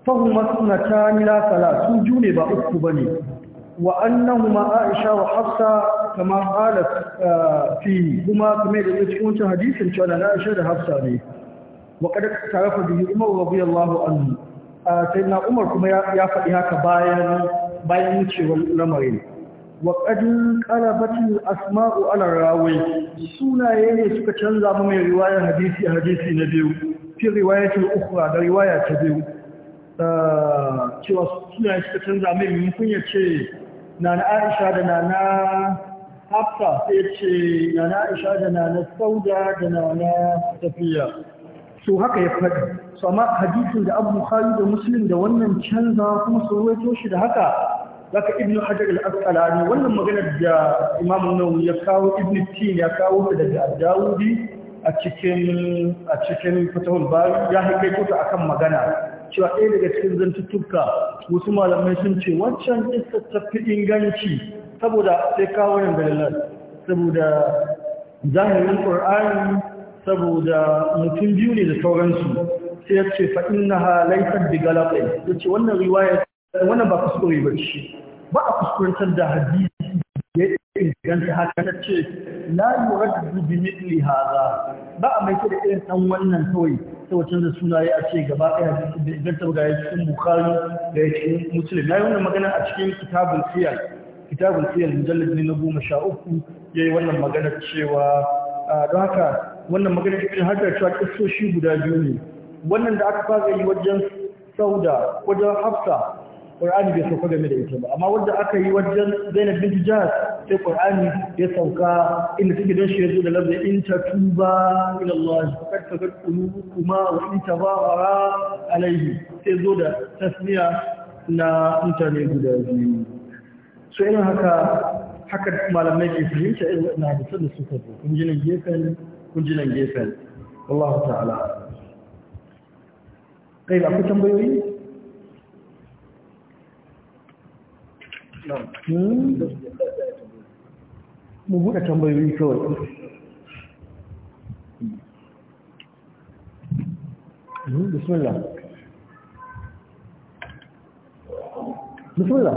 fahuma sunatani la sala june ba uku bane وأنهما عائشة وحفصة كما قالت فيه هما كما يتكون حديث إن شاء الله عائشة وحفصة لي وقد تعرف به عمر رضي الله عنه سيدنا عمر كما يفعل هكا باين باين وشي والأمرين وقد قلبت الأسماء على الراوي سونا يلي سكتن زامن رواية حديثي حديثي نبيو في رواية الأخرى رواية تبيو cewa suna suka canza mai mukun ya ce na na aisha da na na hafsa sai ce na aisha da na na sauda da na na tafiya so haka ya faɗi so amma hadisin da abu da muslim da wannan canza kuma su ruwaito shi da haka zaka ibn hajar al-asqalani wannan maganar da imam nawawi ya kawo ibn tin ya kawo ta daga dawudi a cikin a cikin fatahul bari ya haƙaito ta akan magana cewa ɗaya daga cikin zantuttuka wasu malamai sun ce wancan iska tafi inganci saboda sai kawo yin dalilai saboda zahirin ƙur'ani saboda mutum biyu ne da sauransu sai ya ce fa'in na halaifar da galapai ya ce wannan riwaya wannan ba kuskure ba shi ba a kuskurantar da hadisi ya yi inganta haka na ce la yuraddu bi mithli hadha ba a mai da irin dan wannan kawai sai wacin da sunaye a ce gaba ɗaya hadisin da ta ga ya cikin bukari da ya cikin musulun na yi wannan magana a cikin kitabun siyar kitabun siyar mujallar ne na goma sha uku ya yi wannan magana cewa don haka wannan magana ibn hajar cewa kisoshi guda biyu ne wannan da aka fara yi wajen sauda wajen hafsa Qur'ani bai sauka game da ita ba amma wanda aka yi wajen Zainab bint Jahsh sai Qur'ani ya sauka inda take don shi yanzu da lafiya in ta tuba ila Allah faqad kuma qulubukuma wa in ta tabawara alaihi sai zo da tasmiya na mutane guda biyu so irin haka haka malamai ke fahimta irin wannan hadisan da suka zo kun ji nan gefen kun ji nan gefen Allah ta'ala kai akwai tambayoyi Hmm? mu buɗe tambayoyi kawai hmm, bismillah bismillah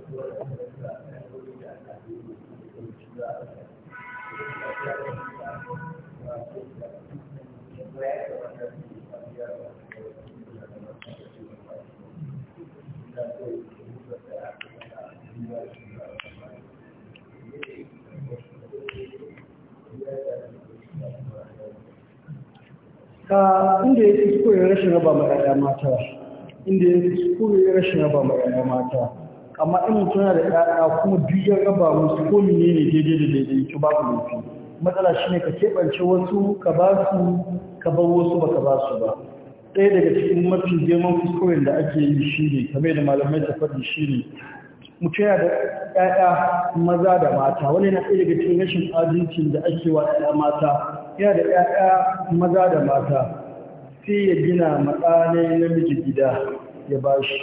inda ya kuskure rashin raba ma ƴaƴa mata inda ya kuskure rashin raba ma ƴaƴa mata amma in mutum yana da ƴaƴa kuma duk ya raba musu ko menene daidai da daidai ba babu laifi matsala shine ka keɓance wasu ka ba su ka bar wasu baka ba su ba ɗaya daga cikin mafi girman kuskuren da ake yi shine kame da malamai ta faɗi shine mutum yana da ƴaƴa maza da mata wani na ɗaya daga cikin rashin adalcin da ake wa ƴaƴa mata yana da ƴaƴa maza da mata sai ya gina matsanai namiji gida ya bashi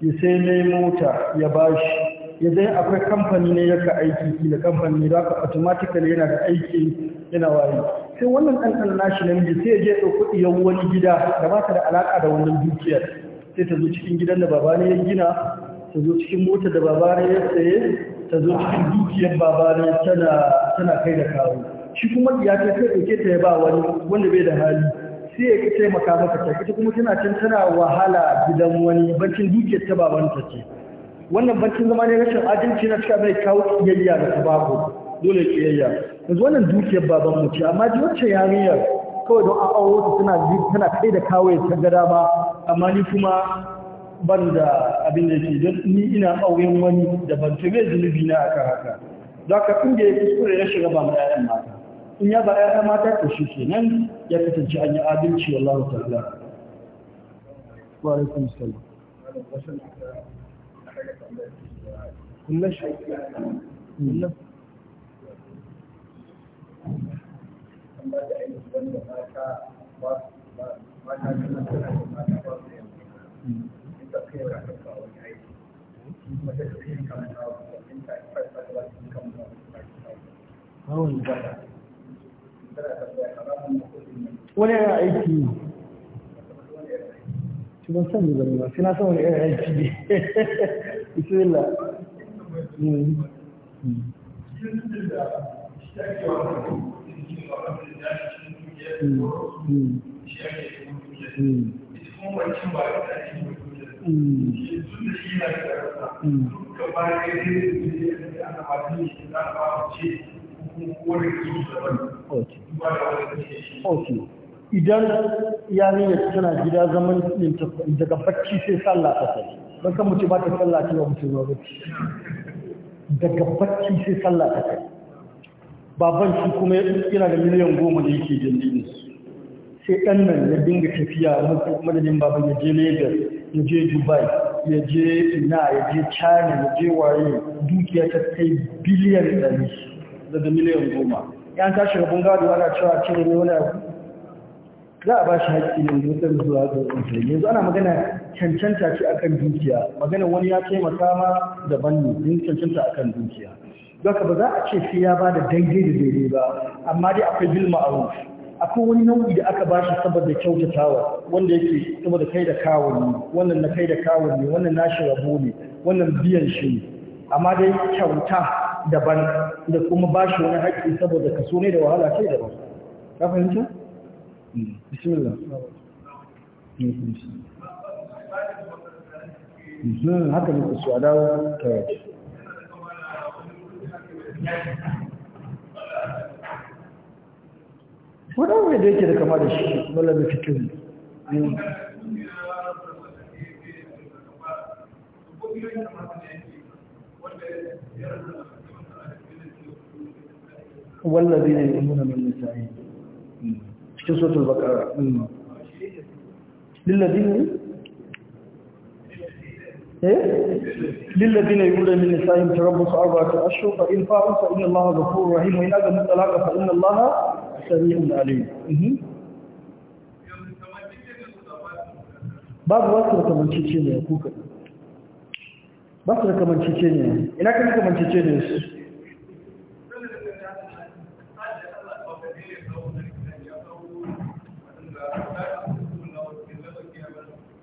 ya sai mai mota ya bashi ya zai akwai kamfani ne yaka aiki kila kamfani da aka ne yana da aiki yana waye sai wannan ɗan ɗan nashi namiji sai ya je ɗauko iya wani gida da ba ta da alaƙa da wannan dukiyar sai ta zo cikin gidan da baba ne ya gina ta zo cikin mota da baba ne ya tsaye, ta zo cikin dukiyar baba ne tana kai da kawo shi kuma ya ce sai ɗauke ta ya ba wani wanda bai da hali sai ya taimaka maka ta ita kuma tana can tana wahala gidan wani bancin dukiyar ta babanta ce wannan bankin zama ne rashin adalci na cika mai kawo kiyayya da tabako dole kiyayya yanzu wannan dukiyar baban mu ce amma ji wacce yarinyar kawai don an awo ta tana tana kai da kawai ta gada ba amma ni kuma ban da abin da ke don ni ina auren wani da ban tabe zunubi na aka haka za ka kuskure ya shiga ba raba ma 'ya'yan mata in ya ba ya mata ko shi ke nan ya kasance an yi adalci wallahu ta'ala wa alaikum salam kullum shi kullum wani yana aiki shi ban san zuba ba sai na san wani yana aiki ne bismillah Mm. ok idan yarinya tana gida zaman daga bacci sai sallah ta sai don kan mutu ba ta sallah ta yau mutum bacci daga bacci sai sallah ta sai. baban shi kuma yana da miliyan goma da yake jirgin sai ɗan nan ya dinga tafiya madadin baban ya je lagos ya je dubai ya je ina ya je china ya je waye dukiya ta kai biliyan ɗari daga miliyan goma yan tashi rabin gado ana cewa cire ne wani abu za a ba shi haƙƙi ne mutum zuwa ga ƙunshi yanzu ana magana cancanta ce akan dukiya magana wani ya taimaka ma daban ne yin cancanta akan dukiya zaka ba za a ce sai ya ba da daidai da daidai ba amma dai akwai bil ma'aruf akwai wani nau'i da aka ba shi saboda kyautatawa wanda yake saboda kai da kawun ne wannan na kai da kawun ne wannan nashi rabo ne wannan biyan shi ne amma dai kyauta daban da kuma ba shi wani haƙƙi saboda kaso ne da wahala ce daban ka fahimta? Hmm. bismillah hmm, haka ne kusa a dawo ta da yake da kama da shi fikin Thank you. wallazi ne ya nuna min nisa'i cikin sotar bakara lillazi ne eh lillazi ne yura min nisa'i tarabbusu ta ashhur fa in fa'u fa inna allaha ghafurur rahim wa in aga mutalaqa fa inna allaha sami'un alim babu wasu kamancece ne ya kuka ba su da kamancece ne ina kan kamancece ne su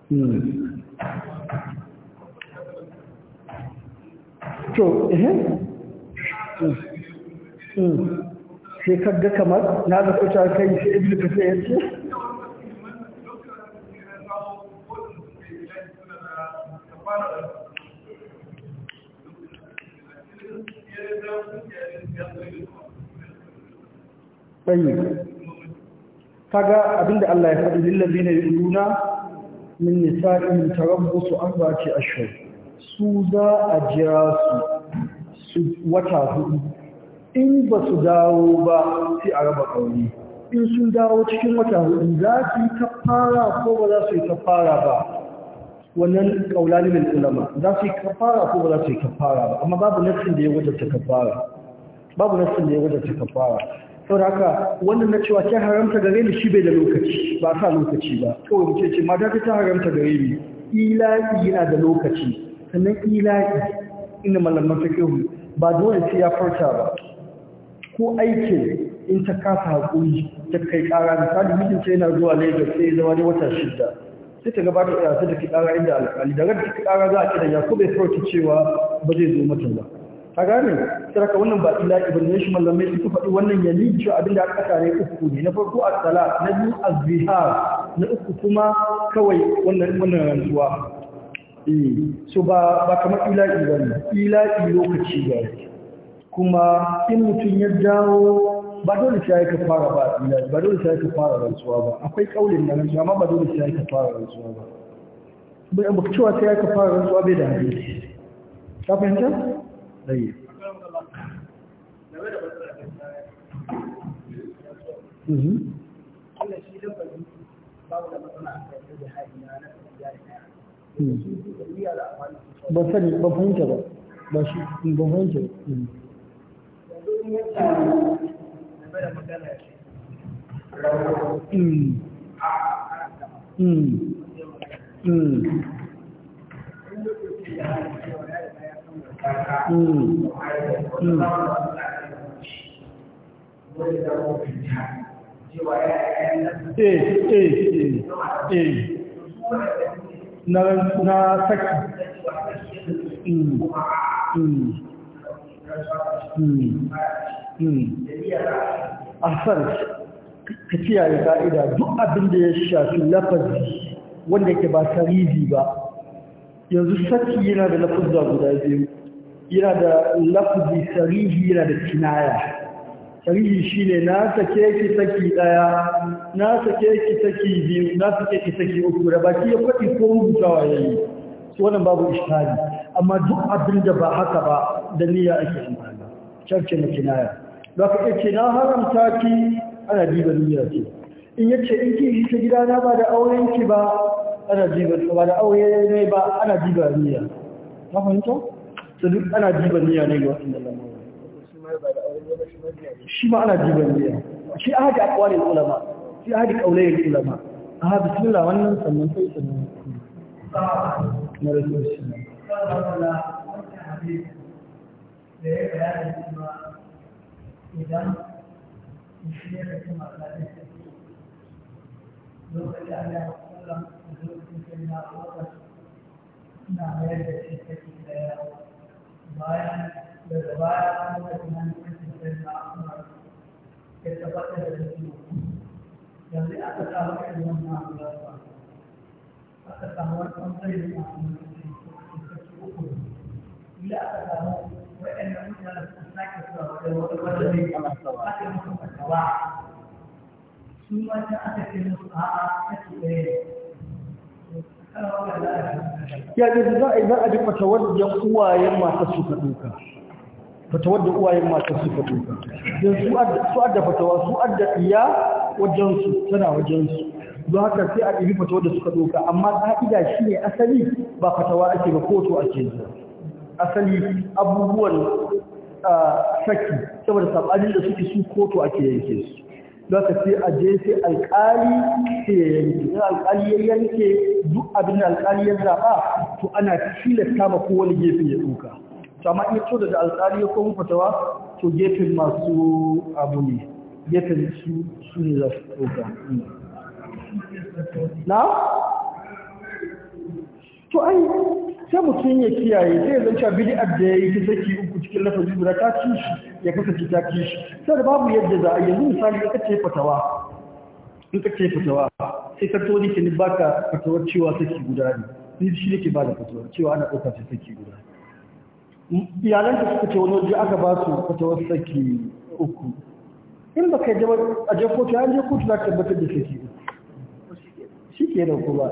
to eh sai kadda kamar na ko ta kai shi ibn kafe ya ce ɗanyi kaga abinda Allah ya faɗi ne yu'minuna min nisa'in tarabbusu arba'ati ashhur su za a jira su wata hudu in ba su dawo ba sai a raba kauri in sun dawo cikin wata hudu za su yi kafara ko ba za su yi kafara ba wannan kaulani min ulama za su yi kafara ko ba za su yi kafara ba amma babu nassin da ya wajabta kafara babu nassin da ya wajabta kafara sau wannan na cewa ta haramta gare ni shi bai da lokaci ba sa lokaci ba kawai mace ce mata ta haramta gare ni ila'i yana da lokaci sannan ila'i ina ta fikihu ba dole sai ya farta ba ko aikin in ta kasa haƙuri ta kai ƙara misali mijin sai yana zuwa lagos sai zama ne wata shida sai ta gabata da ta ta ki ƙara inda alƙali da ran ta ƙara za a kira ya ko bai farta cewa ba zai zo mata ba Ka gane saraka wannan ba illa ibn ne shi mallamai su faɗi wannan ya ni cewa abinda aka tare uku ne na farko as-sala na biyu az-zihar na uku kuma kawai wannan wannan rantsuwa eh so ba ba kamar illa ibn illa lokaci ga kuma in mutum ya dawo ba dole sai ya kafara ba illa ba dole sai ya kafara rantsuwa ba akwai kaulin nan rantsuwa amma ba dole sai ya kafara rantsuwa ba amma cewa sai ya kafara rantsuwa bai da hadisi ka fahimta ɗaya ba sani ba fahimta ba ba shi ba fahimta na na a asar ka kiyaye ka'ida duk abin da ya shafi lafazi wanda ke ba saridi ba yanzu saki yana da lafazza guda biyu yana da lafzi sarihi yana da kinaya sarihi ne na sake ki saki daya na sake ki saki biyu na sake ki saki uku da baki ya faɗi ko rubutawa yayi wannan babu ishtari amma duk abin da ba haka ba da niyya ake amfani charce na kinaya da ka ce na haramta ki ana diba niyya ce in ce in ki ta gida na ba da auren ki ba ana diba ba da aure ne ba ana diba niyya ka fahimta to duk ana diban niyya ne ga wa'annan lamarin shi ma ana diban niyya shi ahadi aqwalil ulama shi ahadi qawlayil ulama aha bismillah wannan sannan sai sannan na rasul shi idan shi ne kuma lokacin da ya kula da lokacin da ya kula da na mayar da shi take da yawa by the revised management system last month, it supported the decision. जल्दी आता था वो एक दिन ना मिला था आता था वो कौन सा दिन ना मिला था इसका क्यों कोई मिला आता था वो वो एक दिन ना ना किसका वो तो बड़ा दिन ना था आते हैं वो तो वाह सुना जाते हैं कि वो आ आ कैसे ya ce za a yi za a ji fatawar da uwayen masu suka ɗauka fatawar da uwayen masu suka ɗauka don su adda fatawa su adda iya wajensu tana wajensu don haka sai a ɗibi fatawar da suka ɗauka amma ƙa'ida shi ne asali ba fatawa ake ba a ake zuwa asali abubuwan ah, saki saboda saɓanin da suke su koto ake yanke su zaka ce a je sai alƙali ya yanke in alƙali ya yanke duk abin da alƙali ya zaɓa to ana tilasta ma kowane gefe ya ɗauka to amma in to da alƙali ya kuma fatawa to gefen masu abu ne gefen su su ne za su ɗauka na to ai sai mutum ya kiyaye sai zan cewa bid'ar da ya yi ta saki uku cikin lafazi guda ta ci shi ya ci ta ci shi sai babu yadda za a yanzu misali ka ce fatawa in ka ce fatawa sai ka tori ki baka fatawar cewa saki guda ne ni shi ne ke ba da fatawar cewa ana ɗauka ta saki guda iyalan ka suka ce wani waje aka ba su fatawar saki uku in baka yi jama'a a jan kotu an je kotu za ka tabbatar da saki uku shi ke da kuma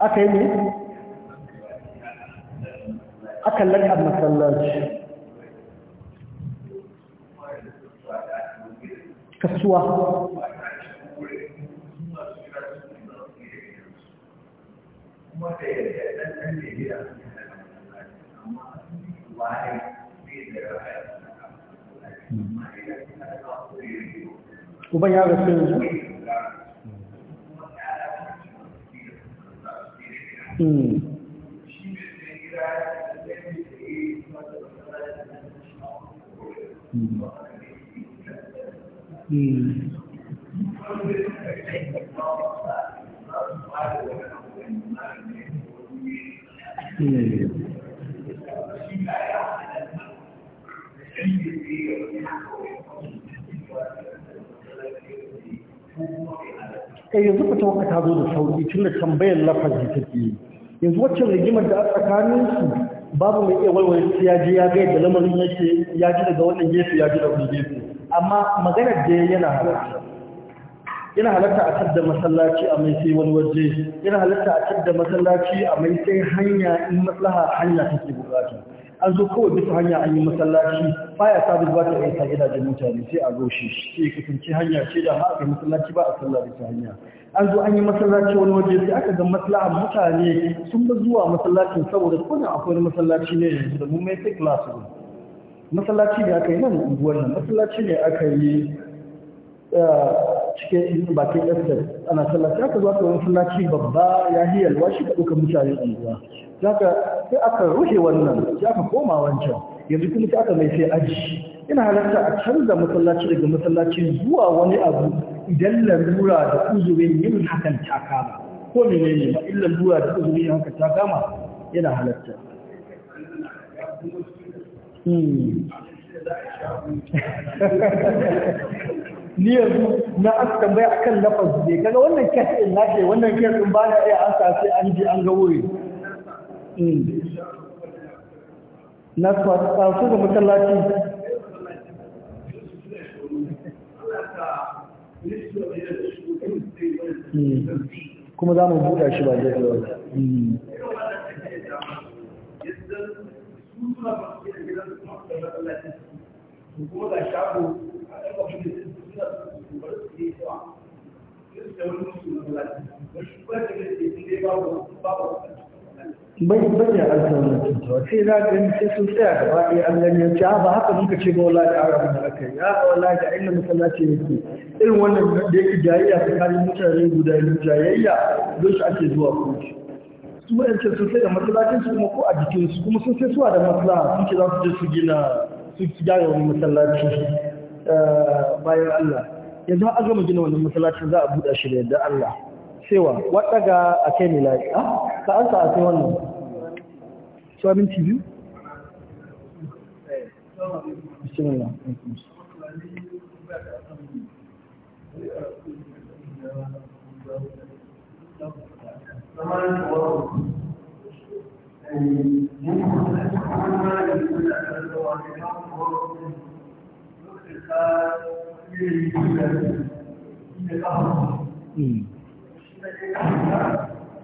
aka yi ne aka laka masallaci kasuwa uban ya rasu yanzu Hmm. hmm. hmm. yanzu fatawarka ta zo da sauki tun da tambayar lafazi ke yi yanzu wacce rigimar da a tsakanin su babu mai iya walwale su ya ji ya ga yadda lamarin yake ya ji daga wannan gefe ya ji da wani gefe amma maganar da yana halatta yana halarta a tadda masallaci a mai sai wani waje yana halarta a tadda masallaci a mai sai hanya in maslaha hanya take bukata an zo kawai bisa hanya an yi masallaci baya sabis ba ta iya sa gidajen mutane sai a roshe shi sai ya kasance hanya ce da haka masallaci ba a sallah ta hanya an zo an yi masallaci wani waje sai aka ga maslahar mutane sun ba zuwa masallacin saboda kuna akwai wani masallaci ne yanzu da mun mai classroom masallaci da aka yi nan unguwar nan masallaci ne aka yi eh, cikin bakin estate ana sallaci aka zo aka wani masallaci babba ya hiyalwa shi ka ɗaukar mutane unguwa zaka sai aka rushe wannan sai aka koma wancan yanzu kuma aka mai sai aji ina halarta a canza masallaci daga masallaci zuwa wani abu idan lalura da uzurin yin hakan ta kama ko ne ba in lalura da uzurin yin hakan ta kama Ina halarta hmm. ni yanzu na aka tambaya akan lafaz ne kaga wannan kyasin din na ce wannan kyasin ba na iya sa sai an ji an ga wuri na kwasu ga masallaci kuma za mu buɗa shi ba da yawa Thank bai bayyana an samu tuntuwa sai za ka sai sun tsaya da baɗi an gani ya ah, ba haka muka ce ba wala da arab da aka yi ah, a wala da inda masallaci yake irin wannan da yake jayayya tsakanin mutane guda yin jayayya don shi ake zuwa kotu su wa'ancan sun da masallacin su kuma ko a jikin su kuma sun sai suwa da maslaha sun ce za su je su gina su gyara wani masallaci eh, bayan Allah yanzu an gama gina wannan masallacin za a buɗe shi da yadda Allah sai waɗaga a kai lafiya? Ah? ka an sa a sai wannan cewa minti biyu bismillah Mm.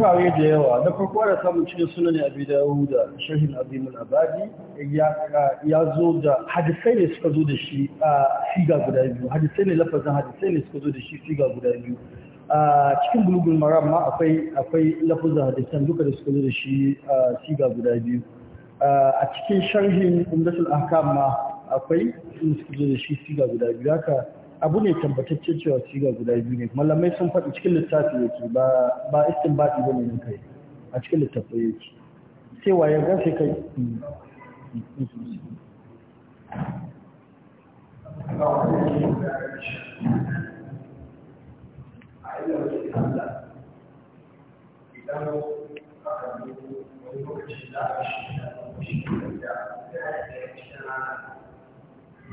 wai da yawa na farko da samun cikin sunan abi dawuda shahin azimul abadi ya zo da hadisai ne suka zo da shi a siga guda biyu hadisai ne lafazin hadisai ne suka zo da shi siga guda biyu a cikin bulugun maram ma akwai lafazin hadisan duka da suka zo da shi a siga guda biyu a cikin sharhin umdatul ahkam ma akwai suka zo da shi siga guda biyu abu ne tabbatacce cewa siga guda biyu ne malamai sun faɗi cikin littafi yake ba ba istinbati ne nan kai a cikin littafi yake sai waye ga sai kai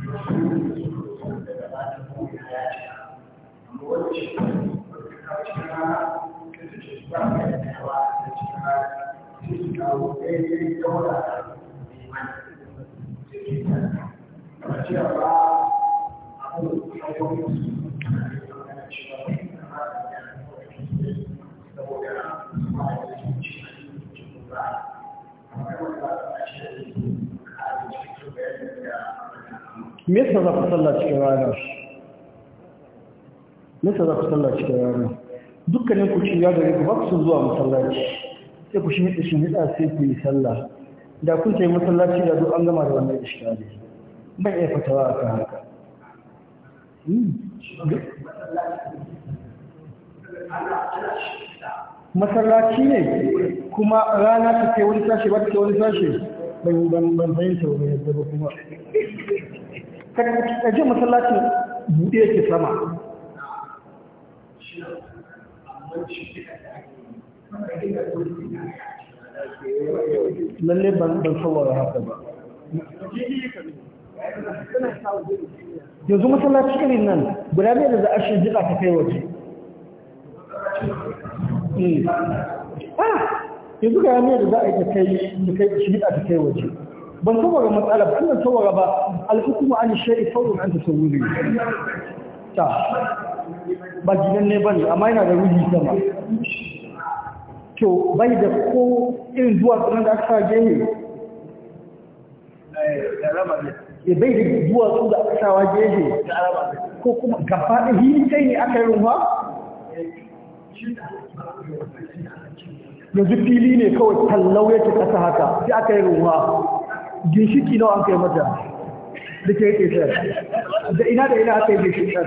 Thank you. wacce wacce kawo rana da me yasa za ku ranar shi nesa za ku sallaci da yaro. dukkanin ku ci ya gare ku ba ku son zuwa masallaci sai ku shi hita shi hita sai ku yi sallah da kun sai masallaci da duk an gama da wannan iskali bai iya fatawa a kan haka hmm. masallaci ne kuma rana ta ke wani sashe ba ta ke wani sashe ban fahimta wani yadda ba kuma ka je masallacin buɗe ke sama lalle ban saurara haka ba yanzu masallaci irin nan guda ne da za a shi jika ta kai waje eh. ah! yanzu ga ne da za a yi ta kai shi jika ta kai waje ban saurara matsala ba an saurara ba al'ukuma an shari'a saurin an ta sauri ta ba ginanne ba ne amma yana da ruhi sama to bai da ko irin zuwa duwatsu da aka sa gehe ya bai da zuwa duwatsu da aka sawa gehe ko kuma gaba da hili kai ne aka yi ruwa yanzu fili ne kawai tallau yake kasa haka sai aka yi ruwa ginshiki nawa an kai mata duka yake shar da ina da ina aka yi shi shar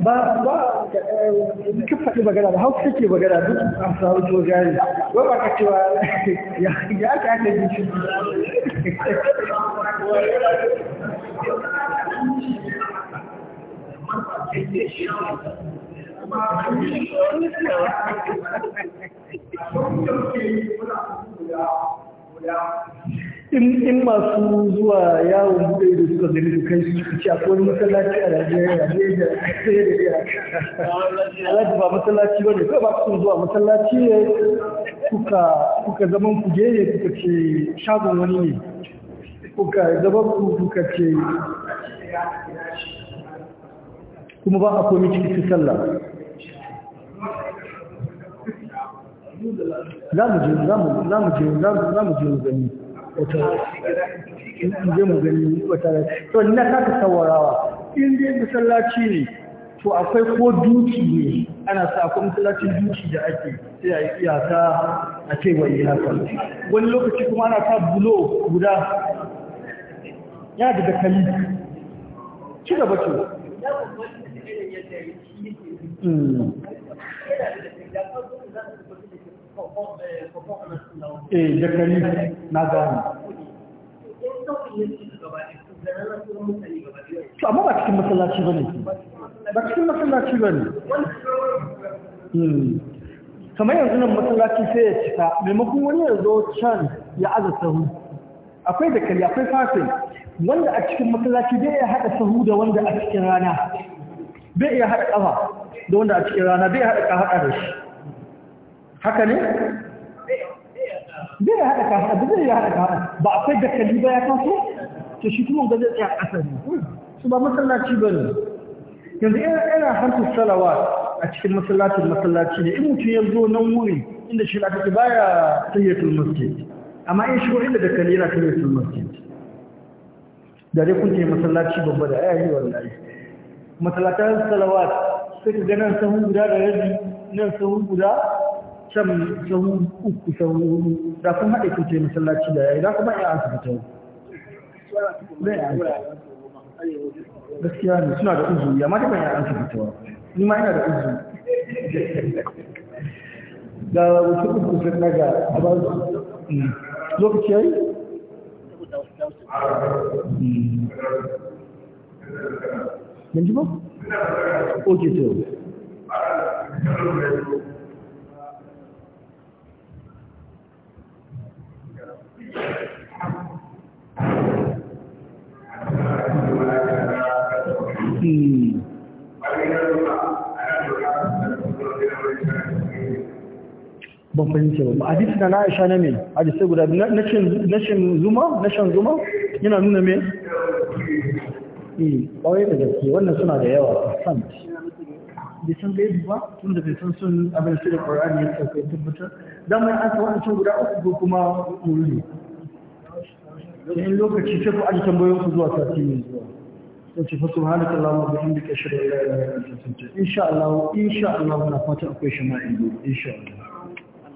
ba ba eh, ka faɗi magana ba hausa ke magana duk an samu to gari ba ba ka cewa ya ya ka aka yi shi Yeah. in masu zuwa yawon buɗe da suka gani da kai su ci akwai masallaci a Najeriya ne da sai da ya alaji ba masallaci ba ne kai ba kusan zuwa masallaci ne kuka kuka zaman ku ne kuka ce shagon wani ne kuka zaman ku kuka ce kuma ba a komi ciki su sallah za mu je za mu je za mu je za mu je mu gani wata in je mu gani to ina saka sawarawa in dai masallaci ne to akwai ko duki ne ana sa akwai masallacin duki da ake sai a iyaka a ce wa iyaka wani lokaci kuma ana sa bulo guda ya da dakali ci gaba ce eh jakari na gani to amma ba cikin masallaci ba ne ba cikin masallaci ba ne hmm. kamar yanzu nan masallaci sai ya cika maimakon wani ya zo can ya aza sahu akwai da jakari akwai fasin wanda a cikin masallaci bai iya haɗa sahu da wanda a cikin rana bai iya haɗa ƙafa da wanda a cikin rana bai haɗa ƙafa da shi haka ne zai haɗa kafa da zai haɗa haɗa, ba akwai kalli ba ya kaso? to shi kuma ga tsaye a ƙasa ne su ba masallaci ba ne yanzu ina hantu salawa a cikin masallacin masallaci ne in mutum ya zo nan wuri inda shi na kake baya tayyatul masjid amma in shigo inda da kalli yana tayyatul masjid da dai kun ce masallaci babba da ayayi wallahi masallatan salawat sai ka ga nan sahun guda da rabi nan sahun guda can sahu uku sahu hudu da kuma haɗe kuce masallaci da yayi za kuma ya an fita gaskiya ne suna da uzu ya mata ban ya an fita ni ma ina da uzu da wasu uku sun daga ba lokaci yayi Mun Oke to. ban fahimce ba da na Aisha na me hadisi guda na shan zuma na shan zuma yana nuna me eh kawai da gaske wannan suna da yawa a san bai san bai ba tun da bai san sun abin su da Qur'ani ya sauke tabbatar dan mai an san wannan guda uku ko kuma muruni in lokaci sai ku aji tambayoyin ku zuwa sati mai zuwa sai ce fa halaka Allahumma bi hamdika ashhadu an la ilaha illa anta astaghfiruka insha Allah insha Allah na fata akwai shama'i insha Allah